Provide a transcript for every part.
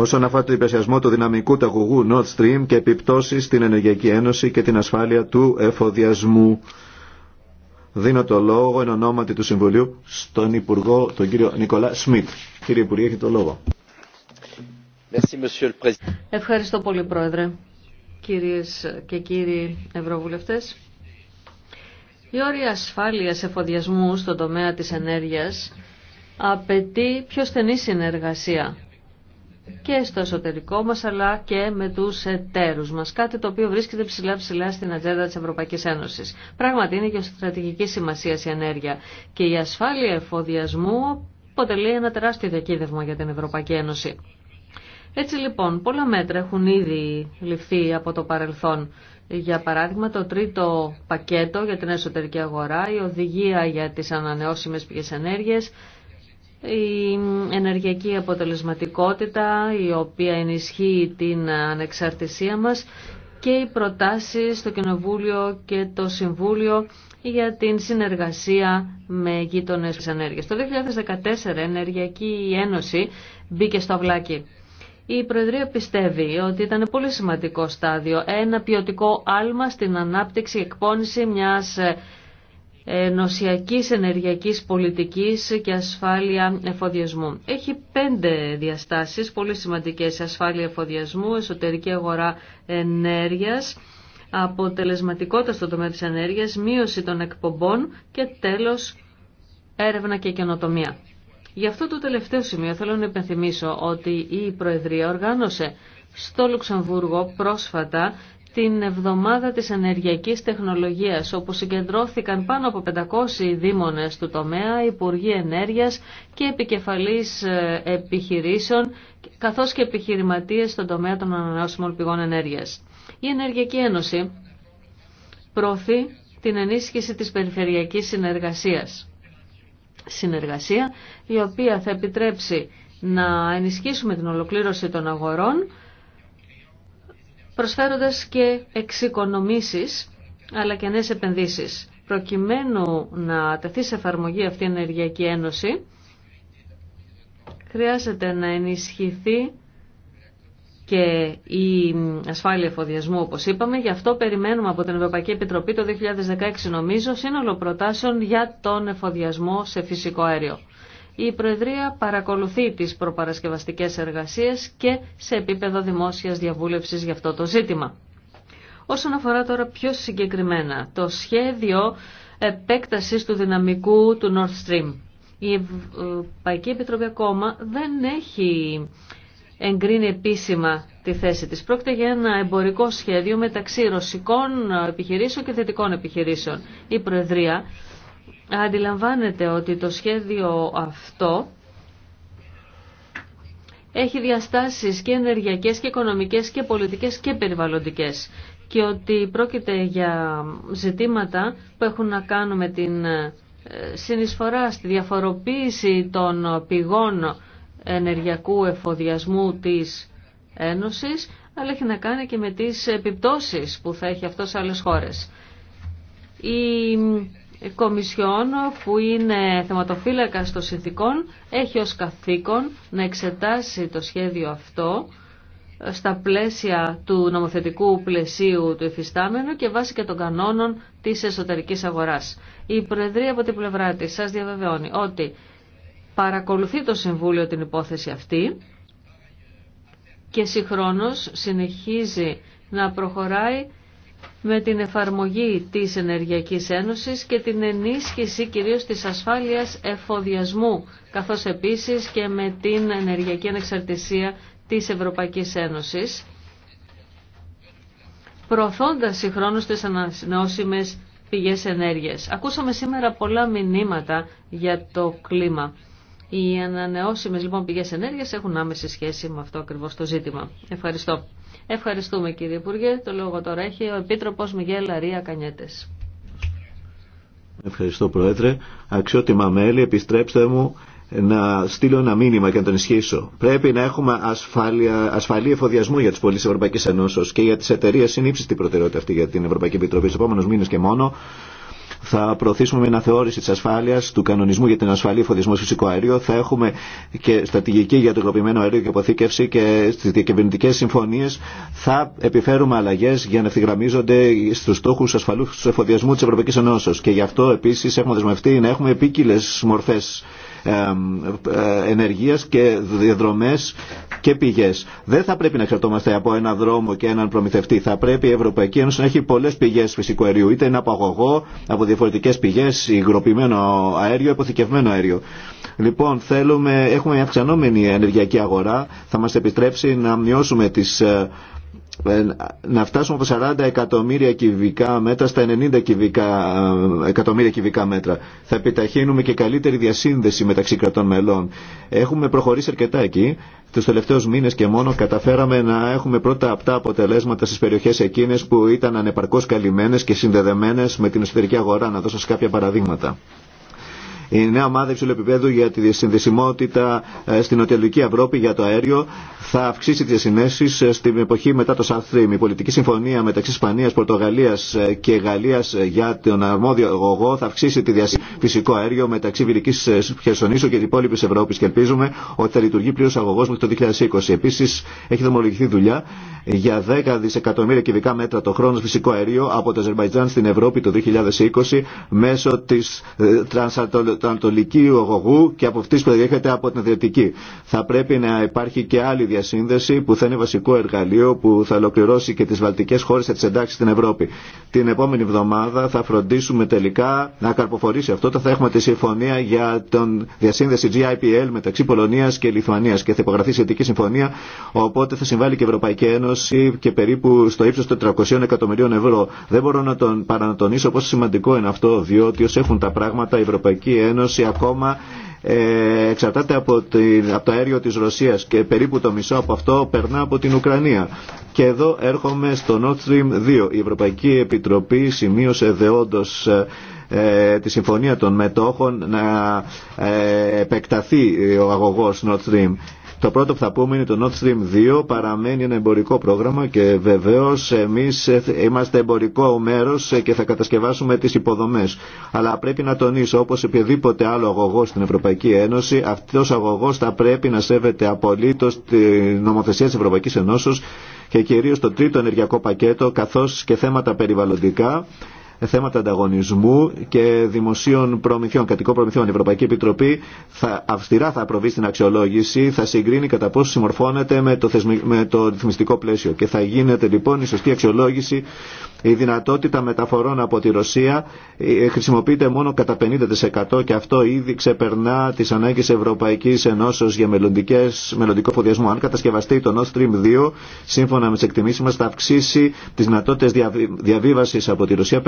όσον αφορά το υπερσιασμό του δυναμικού ταγουγού Nord Stream και επιπτώσεις στην Ενεργειακή Ένωση και την ασφάλεια του εφοδιασμού. Δίνω το λόγο εν ονόματι του Συμβουλίου στον Υπουργό, τον κύριο Νικολά Σμιτ. Κύριε Υπουργέ, έχετε το λόγο. Ευχαριστώ πολύ, Πρόεδρε. Κυρίες και κύριοι Ευρωβουλευτές, η όρια ασφάλειας εφοδιασμού στον τομέα της ενέργειας απαιτεί πιο στενή συνεργασία και στο εσωτερικό μα αλλά και με τους εταίρους μας. Κάτι το οποίο βρίσκεται ψηλά ψηλά στην ατζέντα της Ευρωπαϊκής Ένωσης. Πράγματι είναι και στρατηγική σημασία η ενέργεια και η ασφάλεια εφοδιασμού αποτελεί ένα τεράστιο διακύδευμα για την Ευρωπαϊκή Ένωση. Έτσι λοιπόν, πολλά μέτρα έχουν ήδη ληφθεί από το παρελθόν. Για παράδειγμα, το τρίτο πακέτο για την εσωτερική αγορά, η οδηγία για τις ανανεώσιμες πηγές ενέργειας, η ενεργειακή αποτελεσματικότητα η οποία ενισχύει την ανεξαρτησία μας και οι προτάσεις στο Κοινοβούλιο και το Συμβούλιο για την συνεργασία με γείτονες της ενέργειας. Το 2014 η Ενεργειακή Ένωση μπήκε στο αυλάκι. Η Προεδρία πιστεύει ότι ήταν πολύ σημαντικό στάδιο, ένα ποιοτικό άλμα στην ανάπτυξη, εκπόνηση μιας νοσιακής ενεργειακής πολιτικής και ασφάλεια εφοδιασμού. Έχει πέντε διαστάσεις πολύ σημαντικές ασφάλεια εφοδιασμού, εσωτερική αγορά ενέργειας, αποτελεσματικότητα στο τομέα της ενέργειας, μείωση των εκπομπών και τέλος έρευνα και καινοτομία. Γι' αυτό το τελευταίο σημείο θέλω να υπενθυμίσω ότι η Προεδρία οργάνωσε στο Λουξεμβούργο πρόσφατα την εβδομάδα της ενεργειακής τεχνολογίας, όπου συγκεντρώθηκαν πάνω από 500 δήμονες του τομέα, Υπουργοί Ενέργειας και επικεφαλής ε, επιχειρήσεων, καθώς και επιχειρηματίες στον τομέα των ανανεώσιμων πηγών ενέργειας. Η Ενεργειακή Ένωση προωθεί την ενίσχυση της περιφερειακής συνεργασίας. Συνεργασία η οποία θα επιτρέψει να ενισχύσουμε την ολοκλήρωση των αγορών, προσφέροντας και εξοικονομήσεις αλλά και νέες επενδύσεις. Προκειμένου να τεθεί σε εφαρμογή αυτή η Ενεργειακή Ένωση, χρειάζεται να ενισχυθεί και η ασφάλεια εφοδιασμού, όπως είπαμε. Γι' αυτό περιμένουμε από την Ευρωπαϊκή Επιτροπή το 2016, νομίζω, σύνολο προτάσεων για τον εφοδιασμό σε φυσικό αέριο. Η Προεδρία παρακολουθεί τις προπαρασκευαστικές εργασίες και σε επίπεδο δημόσιας διαβούλευσης για αυτό το ζήτημα. Όσον αφορά τώρα πιο συγκεκριμένα το σχέδιο επέκτασης του δυναμικού του Nord Stream. Η Ευρωπαϊκή Επιτροπή ακόμα δεν έχει εγκρίνει επίσημα τη θέση της. Πρόκειται για ένα εμπορικό σχέδιο μεταξύ ρωσικών επιχειρήσεων και θετικών επιχειρήσεων. Η Προεδρία αντιλαμβάνεται ότι το σχέδιο αυτό έχει διαστάσεις και ενεργειακές και οικονομικές και πολιτικές και περιβαλλοντικές και ότι πρόκειται για ζητήματα που έχουν να κάνουν με την ε, συνεισφορά στη διαφοροποίηση των πηγών ενεργειακού εφοδιασμού της Ένωσης, αλλά έχει να κάνει και με τις επιπτώσεις που θα έχει αυτό σε άλλες χώρες. Κομισιόν που είναι θεματοφύλακα των συνθήκων έχει ως καθήκον να εξετάσει το σχέδιο αυτό στα πλαίσια του νομοθετικού πλαισίου του εφιστάμενου και βάσει και των κανόνων της εσωτερικής αγοράς. Η Προεδρία από την πλευρά της σας διαβεβαιώνει ότι παρακολουθεί το Συμβούλιο την υπόθεση αυτή και συγχρόνως συνεχίζει να προχωράει με την εφαρμογή της Ενεργειακής Ένωσης και την ενίσχυση κυρίως της ασφάλειας εφοδιασμού, καθώς επίσης και με την ενεργειακή ανεξαρτησία της Ευρωπαϊκής Ένωσης, προωθώντας συγχρόνως τις ανανεώσιμες πηγές ενέργειας. Ακούσαμε σήμερα πολλά μηνύματα για το κλίμα. Οι ανανεώσιμες λοιπόν πηγές ενέργειας έχουν άμεση σχέση με αυτό ακριβώς το ζήτημα. Ευχαριστώ. Ευχαριστούμε κύριε Υπουργέ. Το λόγο τώρα έχει ο Επίτροπος Μιγέλ Αρία Κανιέτες. Ευχαριστώ Πρόεδρε. Αξιότιμα μέλη, επιστρέψτε μου να στείλω ένα μήνυμα και να τον ισχύσω. Πρέπει να έχουμε ασφάλεια, ασφαλή εφοδιασμού για τι πολίτε Ευρωπαϊκή Ενώσεω και για τι εταιρείε. Είναι ύψιστη προτεραιότητα αυτή για την Ευρωπαϊκή Επιτροπή. Στου επόμενου μήνε και μόνο θα προωθήσουμε με θεώρηση τη ασφάλεια του κανονισμού για την ασφαλή εφοδιασμό φυσικό αέριου. Θα έχουμε και στρατηγική για το υγροποιημένο αέριο και αποθήκευση και στι διακυβερνητικέ συμφωνίε θα επιφέρουμε αλλαγέ για να ευθυγραμμίζονται στου στόχου ασφαλού εφοδιασμού τη Ευρωπαϊκή Ενώσεω. Και γι' αυτό επίση έχουμε δεσμευτεί να έχουμε επίκυλε μορφέ ε, ενεργείας και διαδρομές και πηγές. Δεν θα πρέπει να εξαρτώμαστε από ένα δρόμο και έναν προμηθευτή. Θα πρέπει η Ευρωπαϊκή Ένωση να έχει πολλές πηγές φυσικού αερίου. Είτε είναι από αγωγό, από διαφορετικές πηγές, υγροποιημένο αέριο, υποθηκευμένο αέριο. Λοιπόν, θέλουμε, έχουμε μια αυξανόμενη ενεργειακή αγορά. Θα μας επιτρέψει να μειώσουμε τις ε, να φτάσουμε από 40 εκατομμύρια κυβικά μέτρα στα 90 κυβικά, ε, εκατομμύρια κυβικά μέτρα. Θα επιταχύνουμε και καλύτερη διασύνδεση μεταξύ κρατών μελών. Έχουμε προχωρήσει αρκετά εκεί. Τους τελευταίους μήνες και μόνο καταφέραμε να έχουμε πρώτα απτά αποτελέσματα στις περιοχές εκείνες που ήταν ανεπαρκώς καλυμμένες και συνδεδεμένες με την εσωτερική αγορά. Να δώσω κάποια παραδείγματα. Η νέα ομάδα υψηλού επίπεδου για τη συνδεσιμότητα ε, στην νοτιοδυτική Ευρώπη για το αέριο θα αυξήσει τι συνέσει ε, στην εποχή μετά το South Stream. Η πολιτική συμφωνία μεταξύ Ισπανία, Πορτογαλία ε, και Γαλλία για τον αρμόδιο αγωγό, θα αυξήσει τη διασύνδεση φυσικό αέριο μεταξύ Βυρική Χερσονήσου και την υπόλοιπη Ευρώπη και ελπίζουμε ότι θα λειτουργεί πλήρω αγωγό μέχρι το 2020. Επίση έχει δομολογηθεί δουλειά για 10 δισεκατομμύρια κυβικά μέτρα το χρόνο φυσικό αέριο από το Αζερβαϊτζάν στην Ευρώπη το 2020 μέσω τη ανατολική Ογωγού και από αυτή που διέχεται από την Αδριατική. Θα πρέπει να υπάρχει και άλλη διασύνδεση που θα είναι βασικό εργαλείο που θα ολοκληρώσει και τι βαλτικέ χώρε τι εντάξει στην Ευρώπη. Την επόμενη εβδομάδα θα φροντίσουμε τελικά να καρποφορήσει αυτό. Θα έχουμε τη συμφωνία για τον διασύνδεση GIPL μεταξύ Πολωνία και Λιθουανία και θα υπογραφεί σχετική συμφωνία. Οπότε θα συμβάλλει και η Ευρωπαϊκή Ένωση και περίπου στο ύψο των 300 εκατομμυρίων ευρώ. Δεν μπορώ να τον παρανατονίσω πόσο σημαντικό είναι αυτό, διότι ω έχουν τα πράγματα η Ευρωπαϊκή Ένωση ακόμα ε, εξαρτάται από, το αέριο της Ρωσίας και περίπου το μισό από αυτό περνά από την Ουκρανία. Και εδώ έρχομαι στο Nord Stream 2. Η Ευρωπαϊκή Επιτροπή σημείωσε δεόντως ε, τη συμφωνία των μετόχων να ε, επεκταθεί ο αγωγός Nord Stream το πρώτο που θα πούμε είναι το Nord Stream 2 παραμένει ένα εμπορικό πρόγραμμα και βεβαίως εμείς είμαστε εμπορικό μέρος και θα κατασκευάσουμε τις υποδομές. Αλλά πρέπει να τονίσω όπως οποιοδήποτε άλλο αγωγό στην Ευρωπαϊκή Ένωση αυτός ο αγωγός θα πρέπει να σέβεται απολύτως τη νομοθεσία της Ευρωπαϊκής Ενώσεω και κυρίως το τρίτο ενεργειακό πακέτο καθώς και θέματα περιβαλλοντικά θέματα ανταγωνισμού και δημοσίων προμηθειών, κατοικών προμηθειών. Η Ευρωπαϊκή Επιτροπή θα, αυστηρά θα προβεί στην αξιολόγηση, θα συγκρίνει κατά πόσο συμμορφώνεται με το, θεσμι... με το ρυθμιστικό πλαίσιο. Και θα γίνεται λοιπόν η σωστή αξιολόγηση. Η δυνατότητα μεταφορών από τη Ρωσία ε, χρησιμοποιείται μόνο κατά 50% και αυτό ήδη ξεπερνά τι ανάγκε Ευρωπαϊκή Ενώσεω για μελλοντικό φοδιασμό. Αν κατασκευαστεί το Nord Stream 2, σύμφωνα με τι εκτιμήσει μα, θα αυξήσει τι δυνατότητε διαβίβαση από τη Ρωσία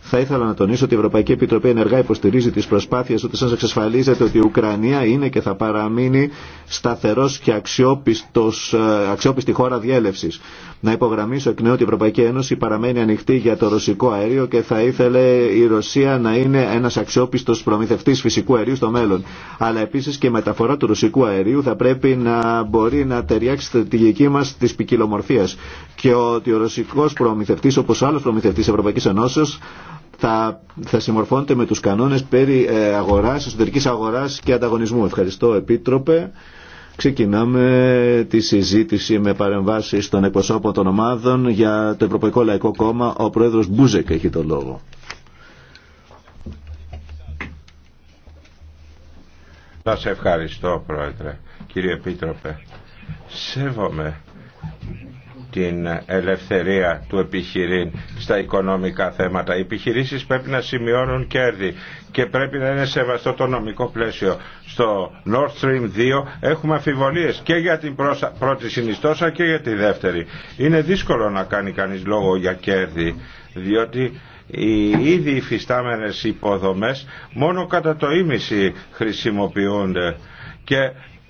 θα ήθελα να τονίσω ότι η Ευρωπαϊκή Επιτροπή ενεργά υποστηρίζει τι προσπάθειε ούτω ώστε εξασφαλίζεται ότι η Ουκρανία είναι και θα παραμείνει σταθερό και αξιόπιστος, ε, αξιόπιστη χώρα διέλευση. Να υπογραμμίσω εκ νέου ότι η Ευρωπαϊκή Ένωση παραμένει ανοιχτή για το ρωσικό αέριο και θα ήθελε η Ρωσία να είναι ένα αξιόπιστο προμηθευτή φυσικού αερίου στο μέλλον. Αλλά επίση και η μεταφορά του ρωσικού αερίου θα πρέπει να μπορεί να ταιριάξει στη δική μα τη ποικιλομορφία. Και ότι ο ρωσικό προμηθευτή, όπω άλλο προμηθευτή Ευρωπαϊκή Ενώσεω, θα, θα συμμορφώνεται με του κανόνε περί ε, αγορά, εσωτερικής και ανταγωνισμού. Ευχαριστώ Επίτροπε. Ξεκινάμε τη συζήτηση με παρεμβάσεις των εκπροσώπων των ομάδων για το Ευρωπαϊκό Λαϊκό Κόμμα. Ο Πρόεδρος Μπούζεκ έχει το λόγο. Να σε ευχαριστώ Πρόεδρε, κύριε Επίτροπε. Σέβομαι την ελευθερία του επιχειρήν στα οικονομικά θέματα. Οι επιχειρήσεις πρέπει να σημειώνουν κέρδη και πρέπει να είναι σεβαστό το νομικό πλαίσιο. Στο Nord Stream 2 έχουμε αμφιβολίες και για την πρώτη συνιστόσα και για τη δεύτερη. Είναι δύσκολο να κάνει κανείς λόγο για κέρδη, διότι οι ήδη υφιστάμενες υποδομές μόνο κατά το ίμιση χρησιμοποιούνται και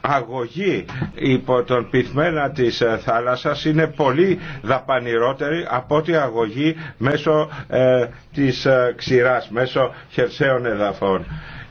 αγωγή υπό τον πυθμένα της ε, θάλασσας είναι πολύ δαπανηρότερη από ό,τι αγωγή μέσω ε, της ε, ξηράς, μέσω χερσαίων εδαφών.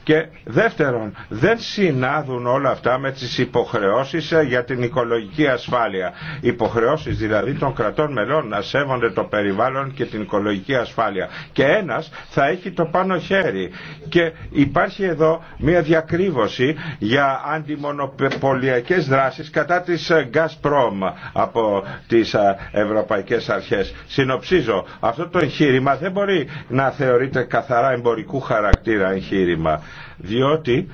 Και δεύτερον, δεν συνάδουν όλα αυτά με τις υποχρεώσεις ε, για την οικολογική ασφάλεια. Υποχρεώσεις δηλαδή των κρατών μελών να σέβονται το περιβάλλον και την οικολογική ασφάλεια. Και ένας θα έχει το πάνω χέρι. Και υπάρχει εδώ μια διακρύβωση για αντιμονοπολιακές δράσεις κατά της ε, Gazprom από τις ε, ευρωπαϊκές αρχές. Συνοψίζω, αυτό το εγχείρημα δεν μπορεί να θεωρείται καθαρά εμπορικού χαρακτήρα εγχείρημα διότι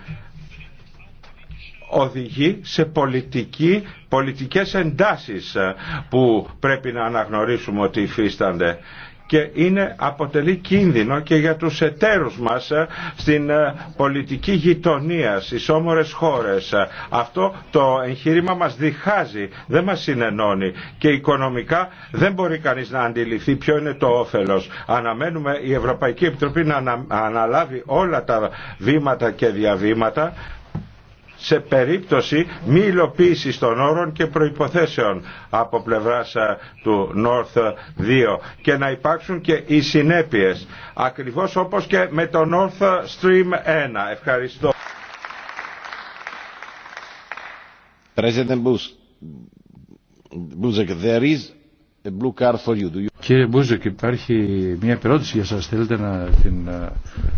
οδηγεί σε πολιτική, πολιτικές εντάσεις ε, που πρέπει να αναγνωρίσουμε ότι υφίστανται και είναι, αποτελεί κίνδυνο και για τους εταίρους μας ε, στην ε, πολιτική γειτονία στις όμορες χώρες. Ε, αυτό το εγχείρημα μας διχάζει, δεν μας συνενώνει και οικονομικά δεν μπορεί κανείς να αντιληφθεί ποιο είναι το όφελος. Αναμένουμε η Ευρωπαϊκή Επιτροπή να αναλάβει όλα τα βήματα και διαβήματα σε περίπτωση μη υλοποίηση των όρων και προϋποθέσεων από πλευράς ε, του North 2 και να υπάρξουν και οι συνέπειες ακριβώς όπως και με το North Stream 1. Ευχαριστώ. Κύριε Μπούζεκ, υπάρχει μια ερώτηση για σας. Θέλετε να την ε,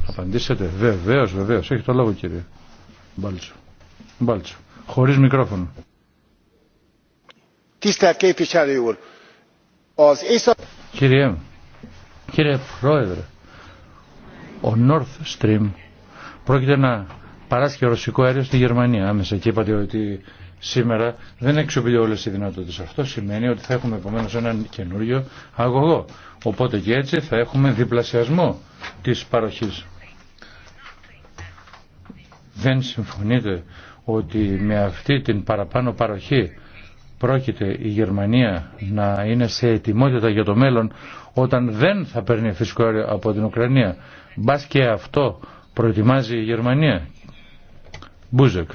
απαντήσετε. Βεβαίως, βεβαίως. Έχει το λόγο κύριε Μπάλτσο. Μπάλτσο. μικρόφωνο. Κύριε, κύριε Πρόεδρε, ο North Stream πρόκειται να παράσχει ρωσικό αέριο στη Γερμανία άμεσα και είπατε ότι σήμερα δεν εξοπλίζει όλε οι δυνατότητε. Αυτό σημαίνει ότι θα έχουμε επομένως έναν καινούριο αγωγό. Οπότε και έτσι θα έχουμε διπλασιασμό της παροχής. Δεν συμφωνείτε ότι με αυτή την παραπάνω παροχή πρόκειται η Γερμανία να είναι σε ετοιμότητα για το μέλλον όταν δεν θα παίρνει φυσικό αέριο από την Ουκρανία. Μπα και αυτό προετοιμάζει η Γερμανία. Μπούζεκ.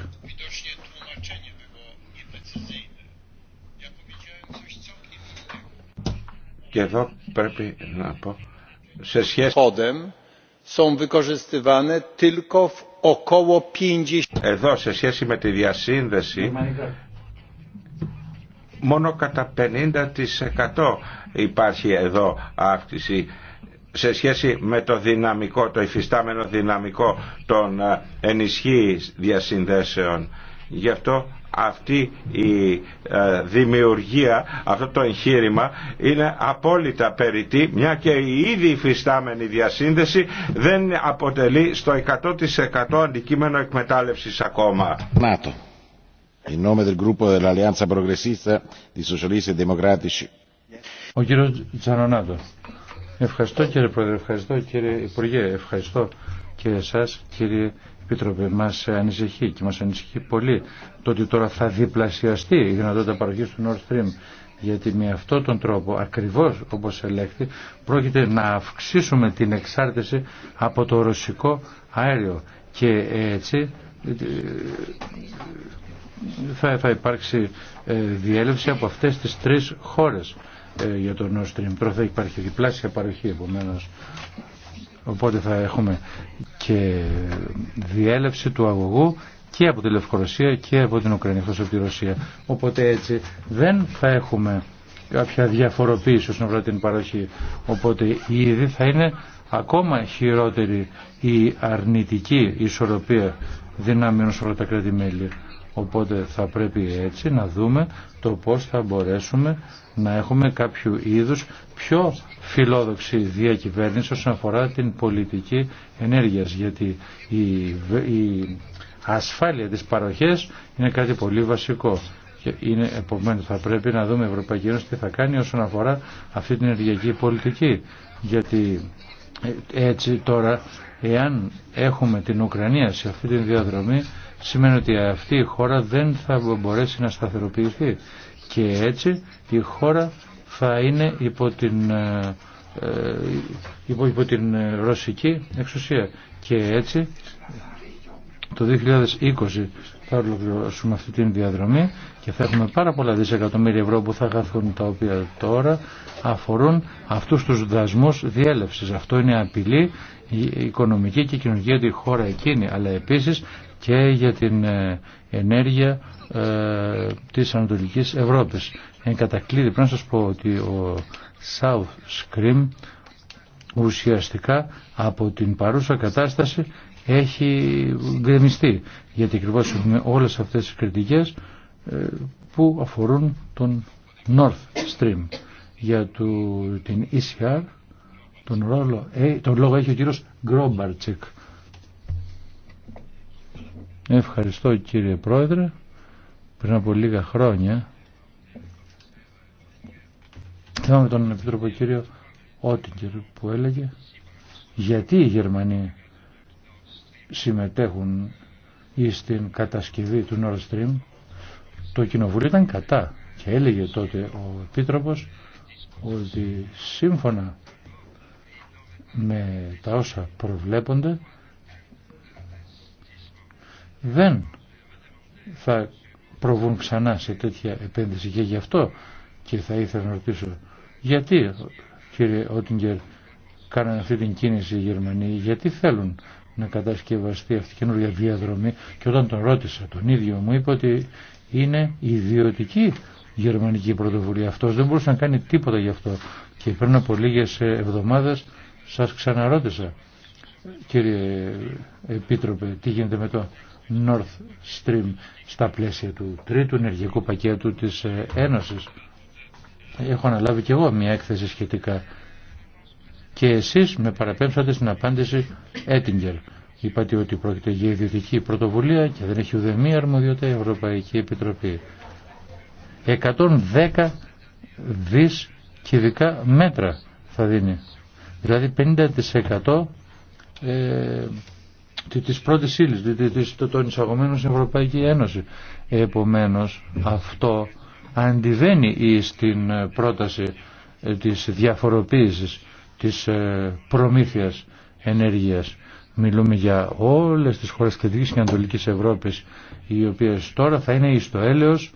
Και εδώ πρέπει να πω σε σχέση... ...są wykorzystywane tylko εδώ σε σχέση με τη διασύνδεση μόνο κατά 50% υπάρχει εδώ αύξηση σε σχέση με το δυναμικό, το υφιστάμενο δυναμικό των ε, ενισχύ διασυνδέσεων. Γι' αυτό αυτή η ε, δημιουργία, αυτό το εγχείρημα είναι απόλυτα περιττή μια και η ήδη υφιστάμενη διασύνδεση δεν αποτελεί στο 100% αντικείμενο εκμετάλλευσης ακόμα. Νάτο. In nome del gruppo dell'Alleanza Progressista di Socialisti e Democratici. Ο κύριο Τζανονάτο. Ευχαριστώ κύριε Πρόεδρε, ευχαριστώ κύριε Υπουργέ, ευχαριστώ και εσάς κύριε Επίτροπε, μα ανησυχεί και μα ανησυχεί πολύ το ότι τώρα θα διπλασιαστεί η δυνατότητα παροχή του Nord Stream. Γιατί με αυτόν τον τρόπο, ακριβώ όπω ελέγχθη, πρόκειται να αυξήσουμε την εξάρτηση από το ρωσικό αέριο. Και έτσι ε, θα, θα υπάρξει ε, διέλευση από αυτές τις τρεις χώρες ε, για το Nord Stream. Τώρα θα υπάρχει διπλάσια παροχή επομένω. Οπότε θα έχουμε και διέλευση του αγωγού και από τη Λευκορωσία και από την Ουκρανία, εκτός από τη Ρωσία. Οπότε έτσι δεν θα έχουμε κάποια διαφοροποίηση όσον αφορά την παροχή. Οπότε ήδη θα είναι ακόμα χειρότερη η αρνητική ισορροπία δυνάμεων σε όλα τα κράτη-μέλη. Οπότε θα πρέπει έτσι να δούμε το πώς θα μπορέσουμε να έχουμε κάποιο είδους πιο φιλόδοξη διακυβέρνηση όσον αφορά την πολιτική ενέργειας. Γιατί η, ασφάλεια της παροχής είναι κάτι πολύ βασικό. Και είναι, επομένως θα πρέπει να δούμε η Ευρωπαϊκή Ένωση τι θα κάνει όσον αφορά αυτή την ενεργειακή πολιτική. Γιατί ε, έτσι τώρα εάν έχουμε την Ουκρανία σε αυτή τη διαδρομή σημαίνει ότι αυτή η χώρα δεν θα μπορέσει να σταθεροποιηθεί και έτσι η χώρα θα είναι υπό την, ε, ε, υπό, υπό την ρωσική εξουσία και έτσι το 2020 θα ολοκληρώσουμε αυτή την διαδρομή και θα έχουμε πάρα πολλά δισεκατομμύρια ευρώ που θα χαθούν τα οποία τώρα αφορούν αυτούς τους δασμούς διέλευσης. Αυτό είναι απειλή η οικονομική και κοινωνική για τη χώρα εκείνη αλλά επίσης και για την ε, ενέργεια ε, της Ανατολικής Ευρώπης. Εν κατακλείδη πρέπει να σας πω ότι ο South Stream ουσιαστικά από την παρούσα κατάσταση έχει γκρεμιστεί γιατί ακριβώ έχουμε όλες αυτές τις κριτικές ε, που αφορούν τον North Stream για το, την ECR τον, ρόλο, ε, τον λόγο έχει ο κύριος Γκρόμπαρτσικ Ευχαριστώ κύριε Πρόεδρε. Πριν από λίγα χρόνια θυμάμαι τον Επίτροπο κύριο Ότιγκερ που έλεγε γιατί οι Γερμανοί συμμετέχουν στην κατασκευή του Nord Stream το κοινοβούλιο ήταν κατά και έλεγε τότε ο Επίτροπος ότι σύμφωνα με τα όσα προβλέπονται δεν θα προβούν ξανά σε τέτοια επένδυση και γι' αυτό και θα ήθελα να ρωτήσω γιατί κύριε Ότιγκερ κάνανε αυτή την κίνηση οι Γερμανοί γιατί θέλουν να κατασκευαστεί αυτή η καινούργια διαδρομή και όταν τον ρώτησα τον ίδιο μου είπε ότι είναι ιδιωτική γερμανική πρωτοβουλία αυτός δεν μπορούσε να κάνει τίποτα γι' αυτό και πριν από λίγες εβδομάδες σας ξαναρώτησα κύριε Επίτροπε τι γίνεται με το North Stream στα πλαίσια του τρίτου ενεργειακού πακέτου της ε, Ένωσης. Έχω αναλάβει και εγώ μια έκθεση σχετικά και εσείς με παραπέμψατε στην απάντηση Έτιγκερ. Είπατε ότι πρόκειται για ιδιωτική πρωτοβουλία και δεν έχει ουδεμία αρμοδιότητα η Ευρωπαϊκή Επιτροπή. 110 δις κυβικά μέτρα θα δίνει. Δηλαδή 50% ε, της πρώτης ύλης των εισαγωμένων στην Ευρωπαϊκή Ένωση. Επομένως αυτό αντιβαίνει στην ε, πρόταση ε, της διαφοροποίησης της ε, προμήθειας ενέργειας. Μιλούμε για όλες τις χώρες Κεντρικής και Ανατολικής Ευρώπης οι οποίες τώρα θα είναι εις το έλεος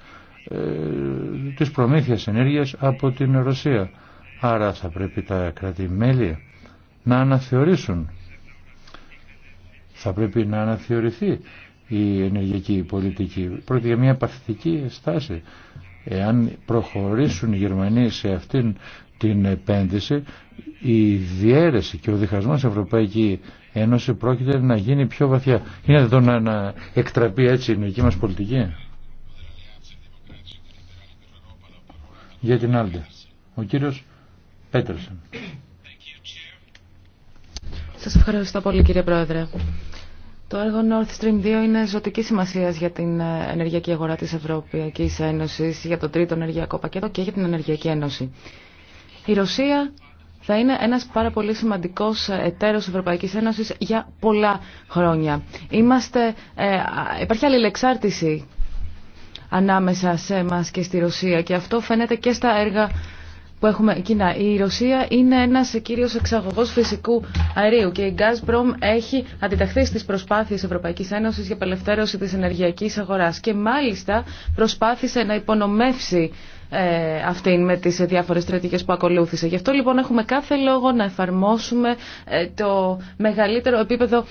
της προμήθειας ενέργειας από την Ρωσία. Άρα θα πρέπει τα κρατη να αναθεωρήσουν θα πρέπει να αναθεωρηθεί η ενεργειακή πολιτική. Πρόκειται για μια παθητική στάση. Εάν προχωρήσουν οι Γερμανοί σε αυτήν την επένδυση, η διαίρεση και ο διχασμός της Ευρωπαϊκή Ένωση πρόκειται να γίνει πιο βαθιά. Είναι εδώ να, εκτραπεί έτσι η ενεργειακή μας πολιτική. Για την άλλη. Ο κύριος Πέτερσεν. Σας ευχαριστώ πολύ κύριε Πρόεδρε. Το έργο North Stream 2 είναι ζωτική σημασία για την ε, ενεργειακή αγορά τη Ευρωπαϊκή Ένωση, για το τρίτο ενεργειακό πακέτο και για την Ενεργειακή Ένωση. Η Ρωσία θα είναι ένας πάρα πολύ σημαντικός εταίρος Ευρωπαϊκή Ένωση για πολλά χρόνια. Είμαστε, ε, υπάρχει αλληλεξάρτηση ανάμεσα σε εμά και στη Ρωσία και αυτό φαίνεται και στα έργα που έχουμε κοινά. Η Ρωσία είναι ένας κύριος εξαγωγός φυσικού αερίου και η Gazprom έχει αντιταχθεί στις προσπάθειες Ευρωπαϊκής Ένωσης για απελευθέρωση της ενεργειακής αγοράς και μάλιστα προσπάθησε να υπονομεύσει ε, αυτήν με τις διάφορες στρατηγικές που ακολούθησε. Γι' αυτό λοιπόν έχουμε κάθε λόγο να εφαρμόσουμε ε, το μεγαλύτερο επίπεδο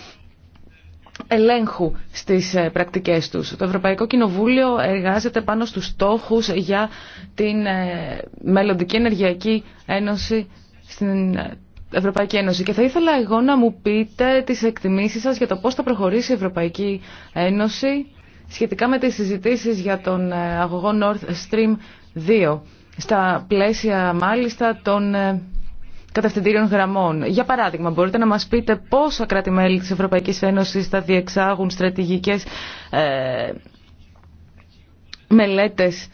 ελέγχου στις ε, πρακτικές τους. Το Ευρωπαϊκό Κοινοβούλιο εργάζεται πάνω στους στόχους για την ε, μελλοντική ενεργειακή ένωση στην ε, Ευρωπαϊκή Ένωση. Και θα ήθελα εγώ να μου πείτε τις εκτιμήσεις σας για το πώς θα προχωρήσει η Ευρωπαϊκή Ένωση σχετικά με τις συζητήσεις για τον αγωγό North Stream 2 στα πλαίσια μάλιστα των κατευθυντήριων γραμμών. Για παράδειγμα, μπορείτε να μας πείτε πόσα κράτη-μέλη της Ευρωπαϊκής Ένωσης θα διεξάγουν στρατηγικές ε, μελέτες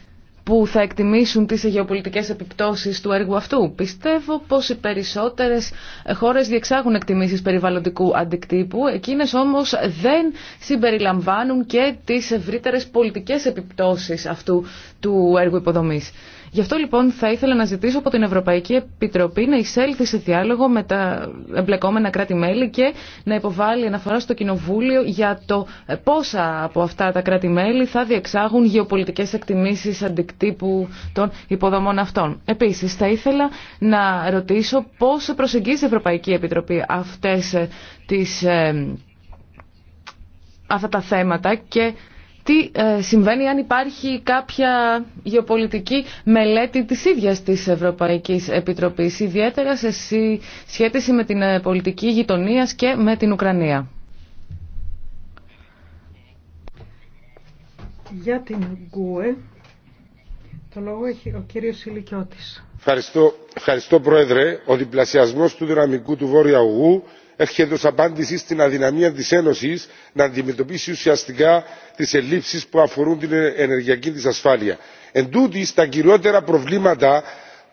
που θα εκτιμήσουν τις γεωπολιτικές επιπτώσεις του έργου αυτού. Πιστεύω πως οι περισσότερες χώρες διεξάγουν εκτιμήσεις περιβαλλοντικού αντικτύπου, εκείνες όμως δεν συμπεριλαμβάνουν και τις ευρύτερες πολιτικές επιπτώσεις αυτού του έργου υποδομής. Γι' αυτό λοιπόν θα ήθελα να ζητήσω από την Ευρωπαϊκή Επιτροπή να εισέλθει σε διάλογο με τα εμπλεκόμενα κράτη-μέλη και να υποβάλει αναφορά στο Κοινοβούλιο για το ε, πόσα από αυτά τα κράτη-μέλη θα διεξάγουν γεωπολιτικές εκτιμήσεις αντικτύπου των υποδομών αυτών. Επίσης, θα ήθελα να ρωτήσω πώς προσεγγίζει η Ευρωπαϊκή Επιτροπή αυτές ε, τις, ε, αυτά τα θέματα και τι ε, συμβαίνει αν υπάρχει κάποια γεωπολιτική μελέτη της ίδιας της Ευρωπαϊκής Επιτροπής, ιδιαίτερα σε σχέση με την ε, πολιτική γειτονία και με την Ουκρανία. Για την ΓΚΟΕ, το λόγο έχει ο κύριος Ηλικιώτης. Ευχαριστώ, Πρόεδρε. Ο διπλασιασμό του δυναμικού του Βόρειου Αυγού έρχεται ω απάντηση στην αδυναμία τη Ένωση να αντιμετωπίσει ουσιαστικά τις ελλείψεις που αφορούν την ενεργειακή της ασφάλεια. Εν τούτη, τα κυριότερα προβλήματα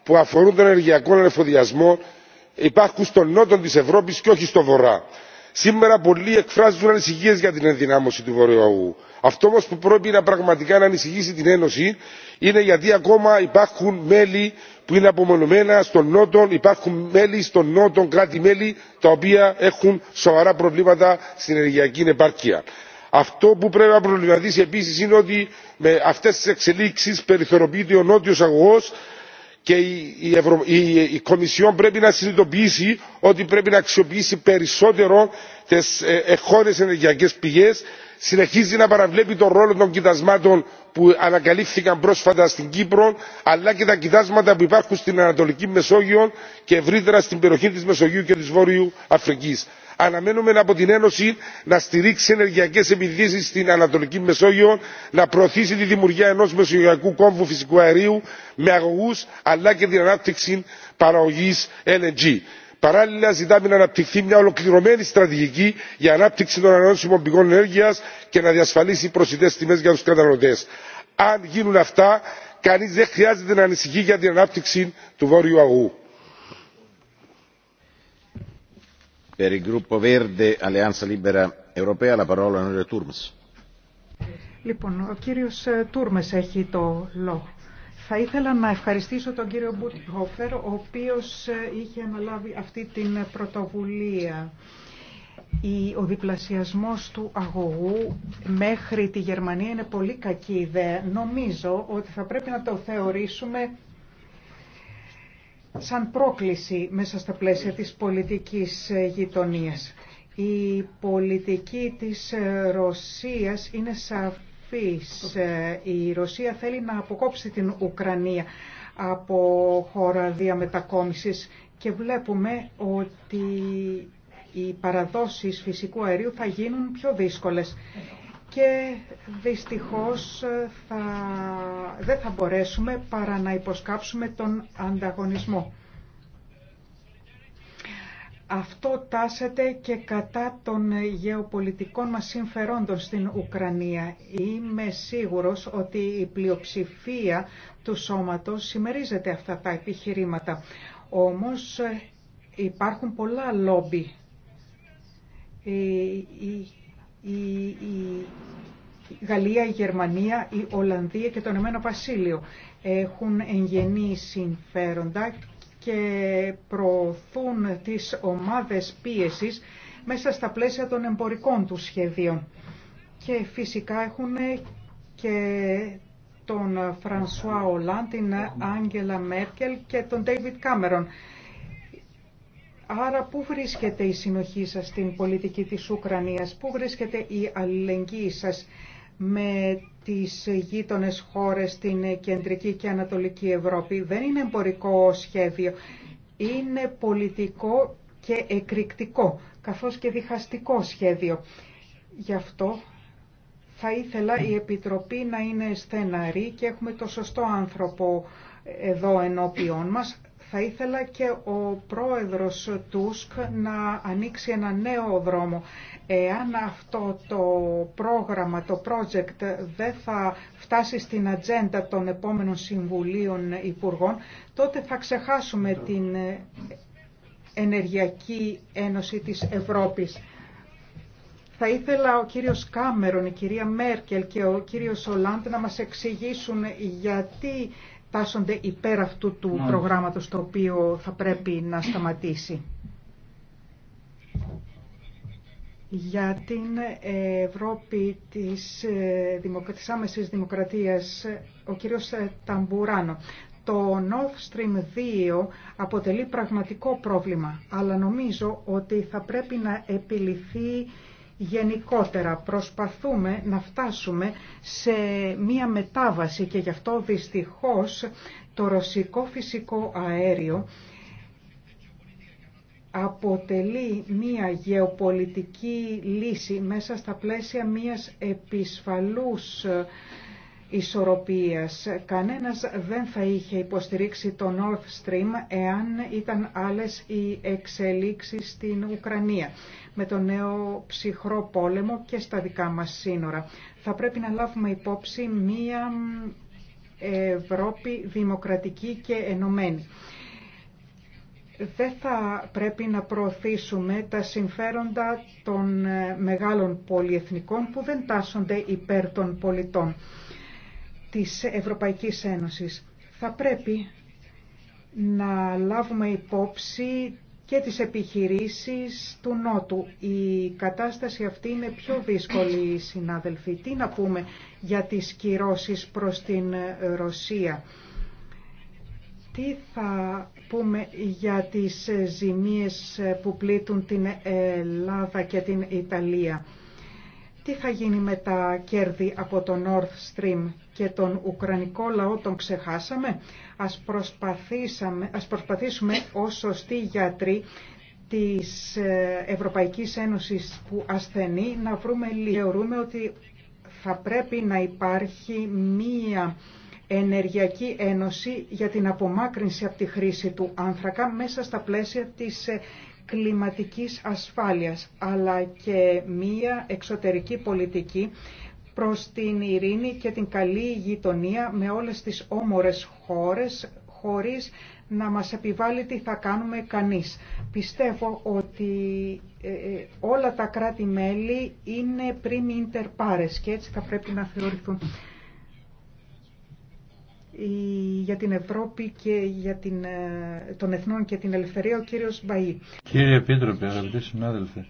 που αφορούν τον ενεργειακό ανεφοδιασμό υπάρχουν στον νότο τη Ευρώπη και όχι στο βορρά. Σήμερα πολλοί εκφράζουν ανησυχίε για την ενδυνάμωση του Βορειού αυγού. Αυτό όμω που πρέπει να πραγματικά να ανησυχήσει την Ένωση είναι γιατί ακόμα υπάρχουν μέλη που είναι απομονωμένα στον νότο υπάρχουν μέλη στον νότο κράτη μέλη τα οποία έχουν σοβαρά προβλήματα στην ενεργειακή επάρκεια. Αυτό που πρέπει να προβληματίσει επίση είναι ότι με αυτέ τι εξελίξει περιθωριοποιείται ο νότιο αγωγό και η, Ευρω... η... η Κομισιόν πρέπει να συνειδητοποιήσει ότι πρέπει να αξιοποιήσει περισσότερο τι εγχώριε ε, ενεργειακέ πηγέ συνεχίζει να παραβλέπει τον ρόλο των κοιτασμάτων που ανακαλύφθηκαν πρόσφατα στην κύπρο αλλά και τα κοιτάσματα που υπάρχουν στην ανατολική μεσόγειο και ευρύτερα στην περιοχή της μεσογείου και της βόρειου αφρικής. αναμένουμε από την ένωση να στηρίξει ενεργειακέ επιδίσεις στην ανατολική μεσόγειο να προωθήσει τη δημιουργία ενός μεσογειακού κόμβου φυσικού αερίου με αγωγούς αλλά και την ανάπτυξη παραγωγής lng παράλληλα ζητάμε να αναπτυχθεί μια ολοκληρωμένη στρατηγική για ανάπτυξη των ανανεώσιμων πηγών ενέργεια και να διασφαλίσει προσιτέ τιμέ για του καταναλωτέ. αν γίνουν αυτά κανεί δεν χρειάζεται να ανησυχεί για την ανάπτυξη του βόρειου Αγού. Λοιπόν, ο κύριος Τούρμες έχει το λόγο. Θα ήθελα να ευχαριστήσω τον κύριο Μπουτχόφερ, ο οποίος ε, είχε αναλάβει αυτή την πρωτοβουλία. Ο διπλασιασμός του αγωγού μέχρι τη Γερμανία είναι πολύ κακή ιδέα. Νομίζω ότι θα πρέπει να το θεωρήσουμε σαν πρόκληση μέσα στα πλαίσια της πολιτικής ε, γειτονίας. Η πολιτική της ε, Ρωσίας είναι σαφή ε, η Ρωσία θέλει να αποκόψει την Ουκρανία από χώρα διαμετακόμισης και βλέπουμε ότι οι παραδόσεις φυσικού αερίου θα γίνουν πιο δύσκολες και δυστυχώς ε, θα, δεν θα μπορέσουμε παρά να υποσκάψουμε τον ανταγωνισμό. Αυτό τάσεται και κατά των γεωπολιτικών μας συμφερόντων στην Ουκρανία. Είμαι σίγουρος ότι η πλειοψηφία του σώματος συμμερίζεται αυτά τα επιχειρήματα. Όμως ε, υπάρχουν πολλά λόμπι. Ε, η, Γαλλία, η Γερμανία, η Ολλανδία και το Ηνωμένο Βασίλειο έχουν εγγενή συμφέροντα και προωθούν τις ομάδες πίεσης μέσα στα πλαίσια των εμπορικών του σχεδίων. Και φυσικά έχουν και τον Φρανσουά Ολάν, την Άγγελα Μέρκελ και τον Ντέιβιτ Κάμερον. Άρα πού βρίσκεται η συνοχή σας στην πολιτική της Ουκρανίας, πού βρίσκεται η αλληλεγγύη σας με τις γείτονες χώρες στην Κεντρική και Ανατολική Ευρώπη. Δεν είναι εμπορικό σχέδιο. Είναι πολιτικό και εκρηκτικό, καθώς και διχαστικό σχέδιο. Γι' αυτό θα ήθελα η Επιτροπή να είναι στεναρή και έχουμε το σωστό άνθρωπο εδώ ενώπιόν μας. Θα ήθελα και ο πρόεδρος Τούσκ να ανοίξει ένα νέο δρόμο, Εάν αυτό το πρόγραμμα, το project δεν θα φτάσει στην ατζέντα των επόμενων Συμβουλίων Υπουργών, τότε θα ξεχάσουμε την Ενεργειακή Ένωση της Ευρώπης. Θα ήθελα ο κύριος Κάμερον, η κυρία Μέρκελ και ο κύριος Ολάντ να μας εξηγήσουν γιατί τάσσονται υπέρ αυτού του ναι. προγράμματος το οποίο θα πρέπει να σταματήσει. για την Ευρώπη της, ε, της άμεσης δημοκρατίας, ο κύριος ε, Ταμπουράνο. Το Nord Stream 2 αποτελεί πραγματικό πρόβλημα, αλλά νομίζω ότι θα πρέπει να επιληθεί γενικότερα. Προσπαθούμε να φτάσουμε σε μία μετάβαση και γι' αυτό δυστυχώς το ρωσικό φυσικό αέριο αποτελεί μία γεωπολιτική λύση μέσα στα πλαίσια μίας επισφαλούς ε, ισορροπίας. Κανένας δεν θα είχε υποστηρίξει το North Stream εάν ήταν άλλες οι εξελίξεις στην Ουκρανία με το νέο ψυχρό πόλεμο και στα δικά μας σύνορα. Θα πρέπει να λάβουμε υπόψη μία Ευρώπη δημοκρατική και ενωμένη δεν θα πρέπει να προωθήσουμε τα συμφέροντα των ε, μεγάλων πολιεθνικών που δεν τάσσονται υπέρ των πολιτών της Ευρωπαϊκής Ένωσης. Θα πρέπει να λάβουμε υπόψη και τις επιχειρήσεις του Νότου. Η κατάσταση αυτή είναι πιο δύσκολη, συνάδελφοι. Τι να πούμε για τις κυρώσεις προς την Ρωσία τι θα πούμε για τις ζημίες που πλήττουν την Ελλάδα και την Ιταλία. Τι θα γίνει με τα κέρδη από το North Stream και τον Ουκρανικό λαό τον ξεχάσαμε. Ας, προσπαθήσαμε, ας προσπαθήσουμε ως σωστοί γιατροί της Ευρωπαϊκής Ένωσης που ασθενεί να βρούμε λύση. Θεωρούμε ότι θα πρέπει να υπάρχει μία Ενεργειακή Ένωση για την απομάκρυνση από τη χρήση του άνθρακα μέσα στα πλαίσια της ε, κλιματικής ασφάλειας, αλλά και μία εξωτερική πολιτική προς την ειρήνη και την καλή γειτονία με όλες τις όμορες χώρες, χωρίς να μας επιβάλλει τι θα κάνουμε κανείς. Πιστεύω ότι ε, ε, όλα τα κράτη-μέλη είναι πριν interpares και έτσι θα πρέπει να θεωρηθούν για την Ευρώπη και για την, ε, των Εθνών και την Ελευθερία, ο κύριος Μπαΐ. Κύριε Επίτροπε, αγαπητοί συνάδελφοι,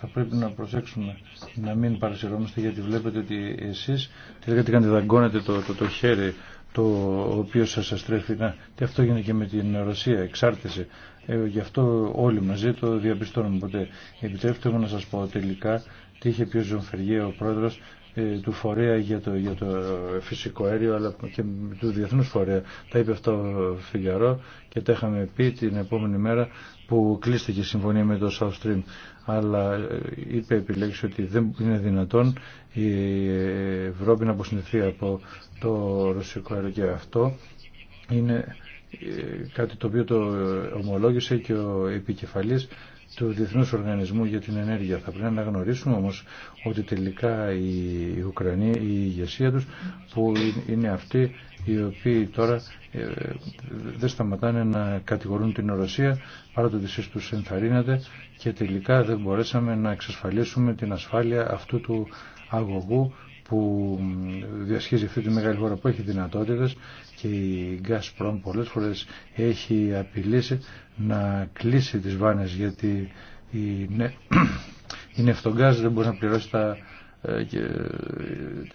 θα πρέπει να προσέξουμε να μην παρασυρώμαστε γιατί βλέπετε ότι εσείς τελικά τι κάνετε, το, το, το χέρι το οποίο σας αστρέφει να, και αυτό γίνεται και με την Ρωσία, εξάρτηση. Ε, γι' αυτό όλοι μαζί το διαπιστώνουμε ποτέ. Επιτρέψτε μου να σας πω τελικά τι είχε πει ο Ζωμφεργέ, ο πρόεδρος ε, του φορέα για το, για το φυσικό αέριο αλλά και του διεθνούς φορέα. Τα είπε αυτό ο Φιγαρό και τα είχαμε πει την επόμενη μέρα που κλείστηκε η συμφωνία με το South Stream. Αλλά ε, είπε επιλέξει ότι δεν είναι δυνατόν η Ευρώπη να αποσυνθεί από το ρωσικό αέριο και αυτό είναι ε, κάτι το οποίο το ομολόγησε και ο επικεφαλής του Διεθνούς Οργανισμού για την Ενέργεια. Θα πρέπει να γνωρίσουμε όμως ότι τελικά η Ουκρανία, η ηγεσία τους που είναι αυτοί οι οποίοι τώρα ε, δεν σταματάνε να κατηγορούν την Ρωσία παρά το ότι εσείς τους ενθαρρύνατε και τελικά δεν μπορέσαμε να εξασφαλίσουμε την ασφάλεια αυτού του αγωγού που διασχίζει αυτή τη μεγάλη χώρα που έχει δυνατότητες και η Gazprom πολλές φορές έχει απειλήσει να κλείσει τις βάνες γιατί η, ναι, η νευτογκάζ δεν μπορεί να πληρώσει τα ε, και ε,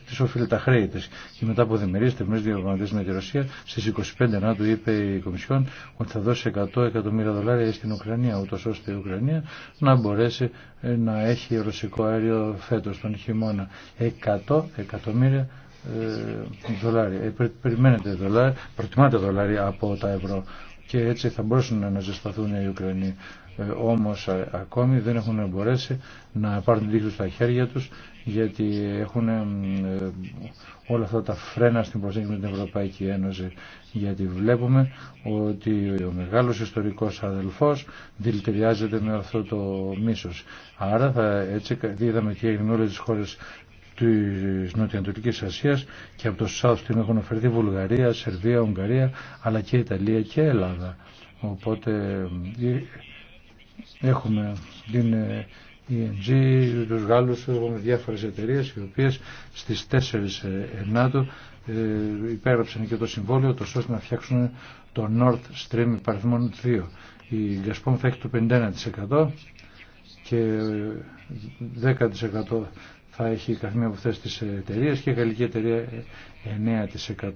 τις οφείλει τα χρέη της. Και μετά από διμερείς τευνές διαπραγματεύσεις με τη Ρωσία, στις 25 να του είπε η Κομισιόν ότι θα δώσει 100 εκατομμύρια δολάρια στην Ουκρανία, ούτως ώστε η Ουκρανία να μπορέσει ε, να έχει ρωσικό αέριο φέτος τον χειμώνα. 100 εκατομμύρια ε, δολάρια. Ε, περιμένετε δολάρια, προτιμάτε δολάρια από τα ευρώ και έτσι θα μπορούσαν να ζεσταθούν οι Ουκρανοί. Ε, όμως ακόμη δεν έχουν μπορέσει να πάρουν τύχη στα χέρια τους γιατί έχουν όλα αυτά τα φρένα στην προσέγγιση με την Ευρωπαϊκή Ένωση γιατί βλέπουμε ότι ο μεγάλος ιστορικός αδελφός δηλητηριάζεται με αυτό το μίσος. Άρα θα, έτσι είδαμε τι έγινε με όλες τις χώρες Τη Νοτιοανατολικής Ασία και από το South την έχουν αφαιρθεί Βουλγαρία, Σερβία, Ουγγαρία αλλά και Ιταλία και Ελλάδα. Οπότε ε, έχουμε την ε, ENG, τους Γάλλους, έχουμε διάφορες εταιρείε οι οποίε στις 4 ε, Ενάτου υπέγραψαν και το συμβόλαιο τόσο ώστε να φτιάξουν το North Stream υπαριθμών 2. Η Gazprom θα έχει το 51% και 10% θα έχει καθ' μία τις εταιρείε και η γαλλική εταιρεία 9%. Ε,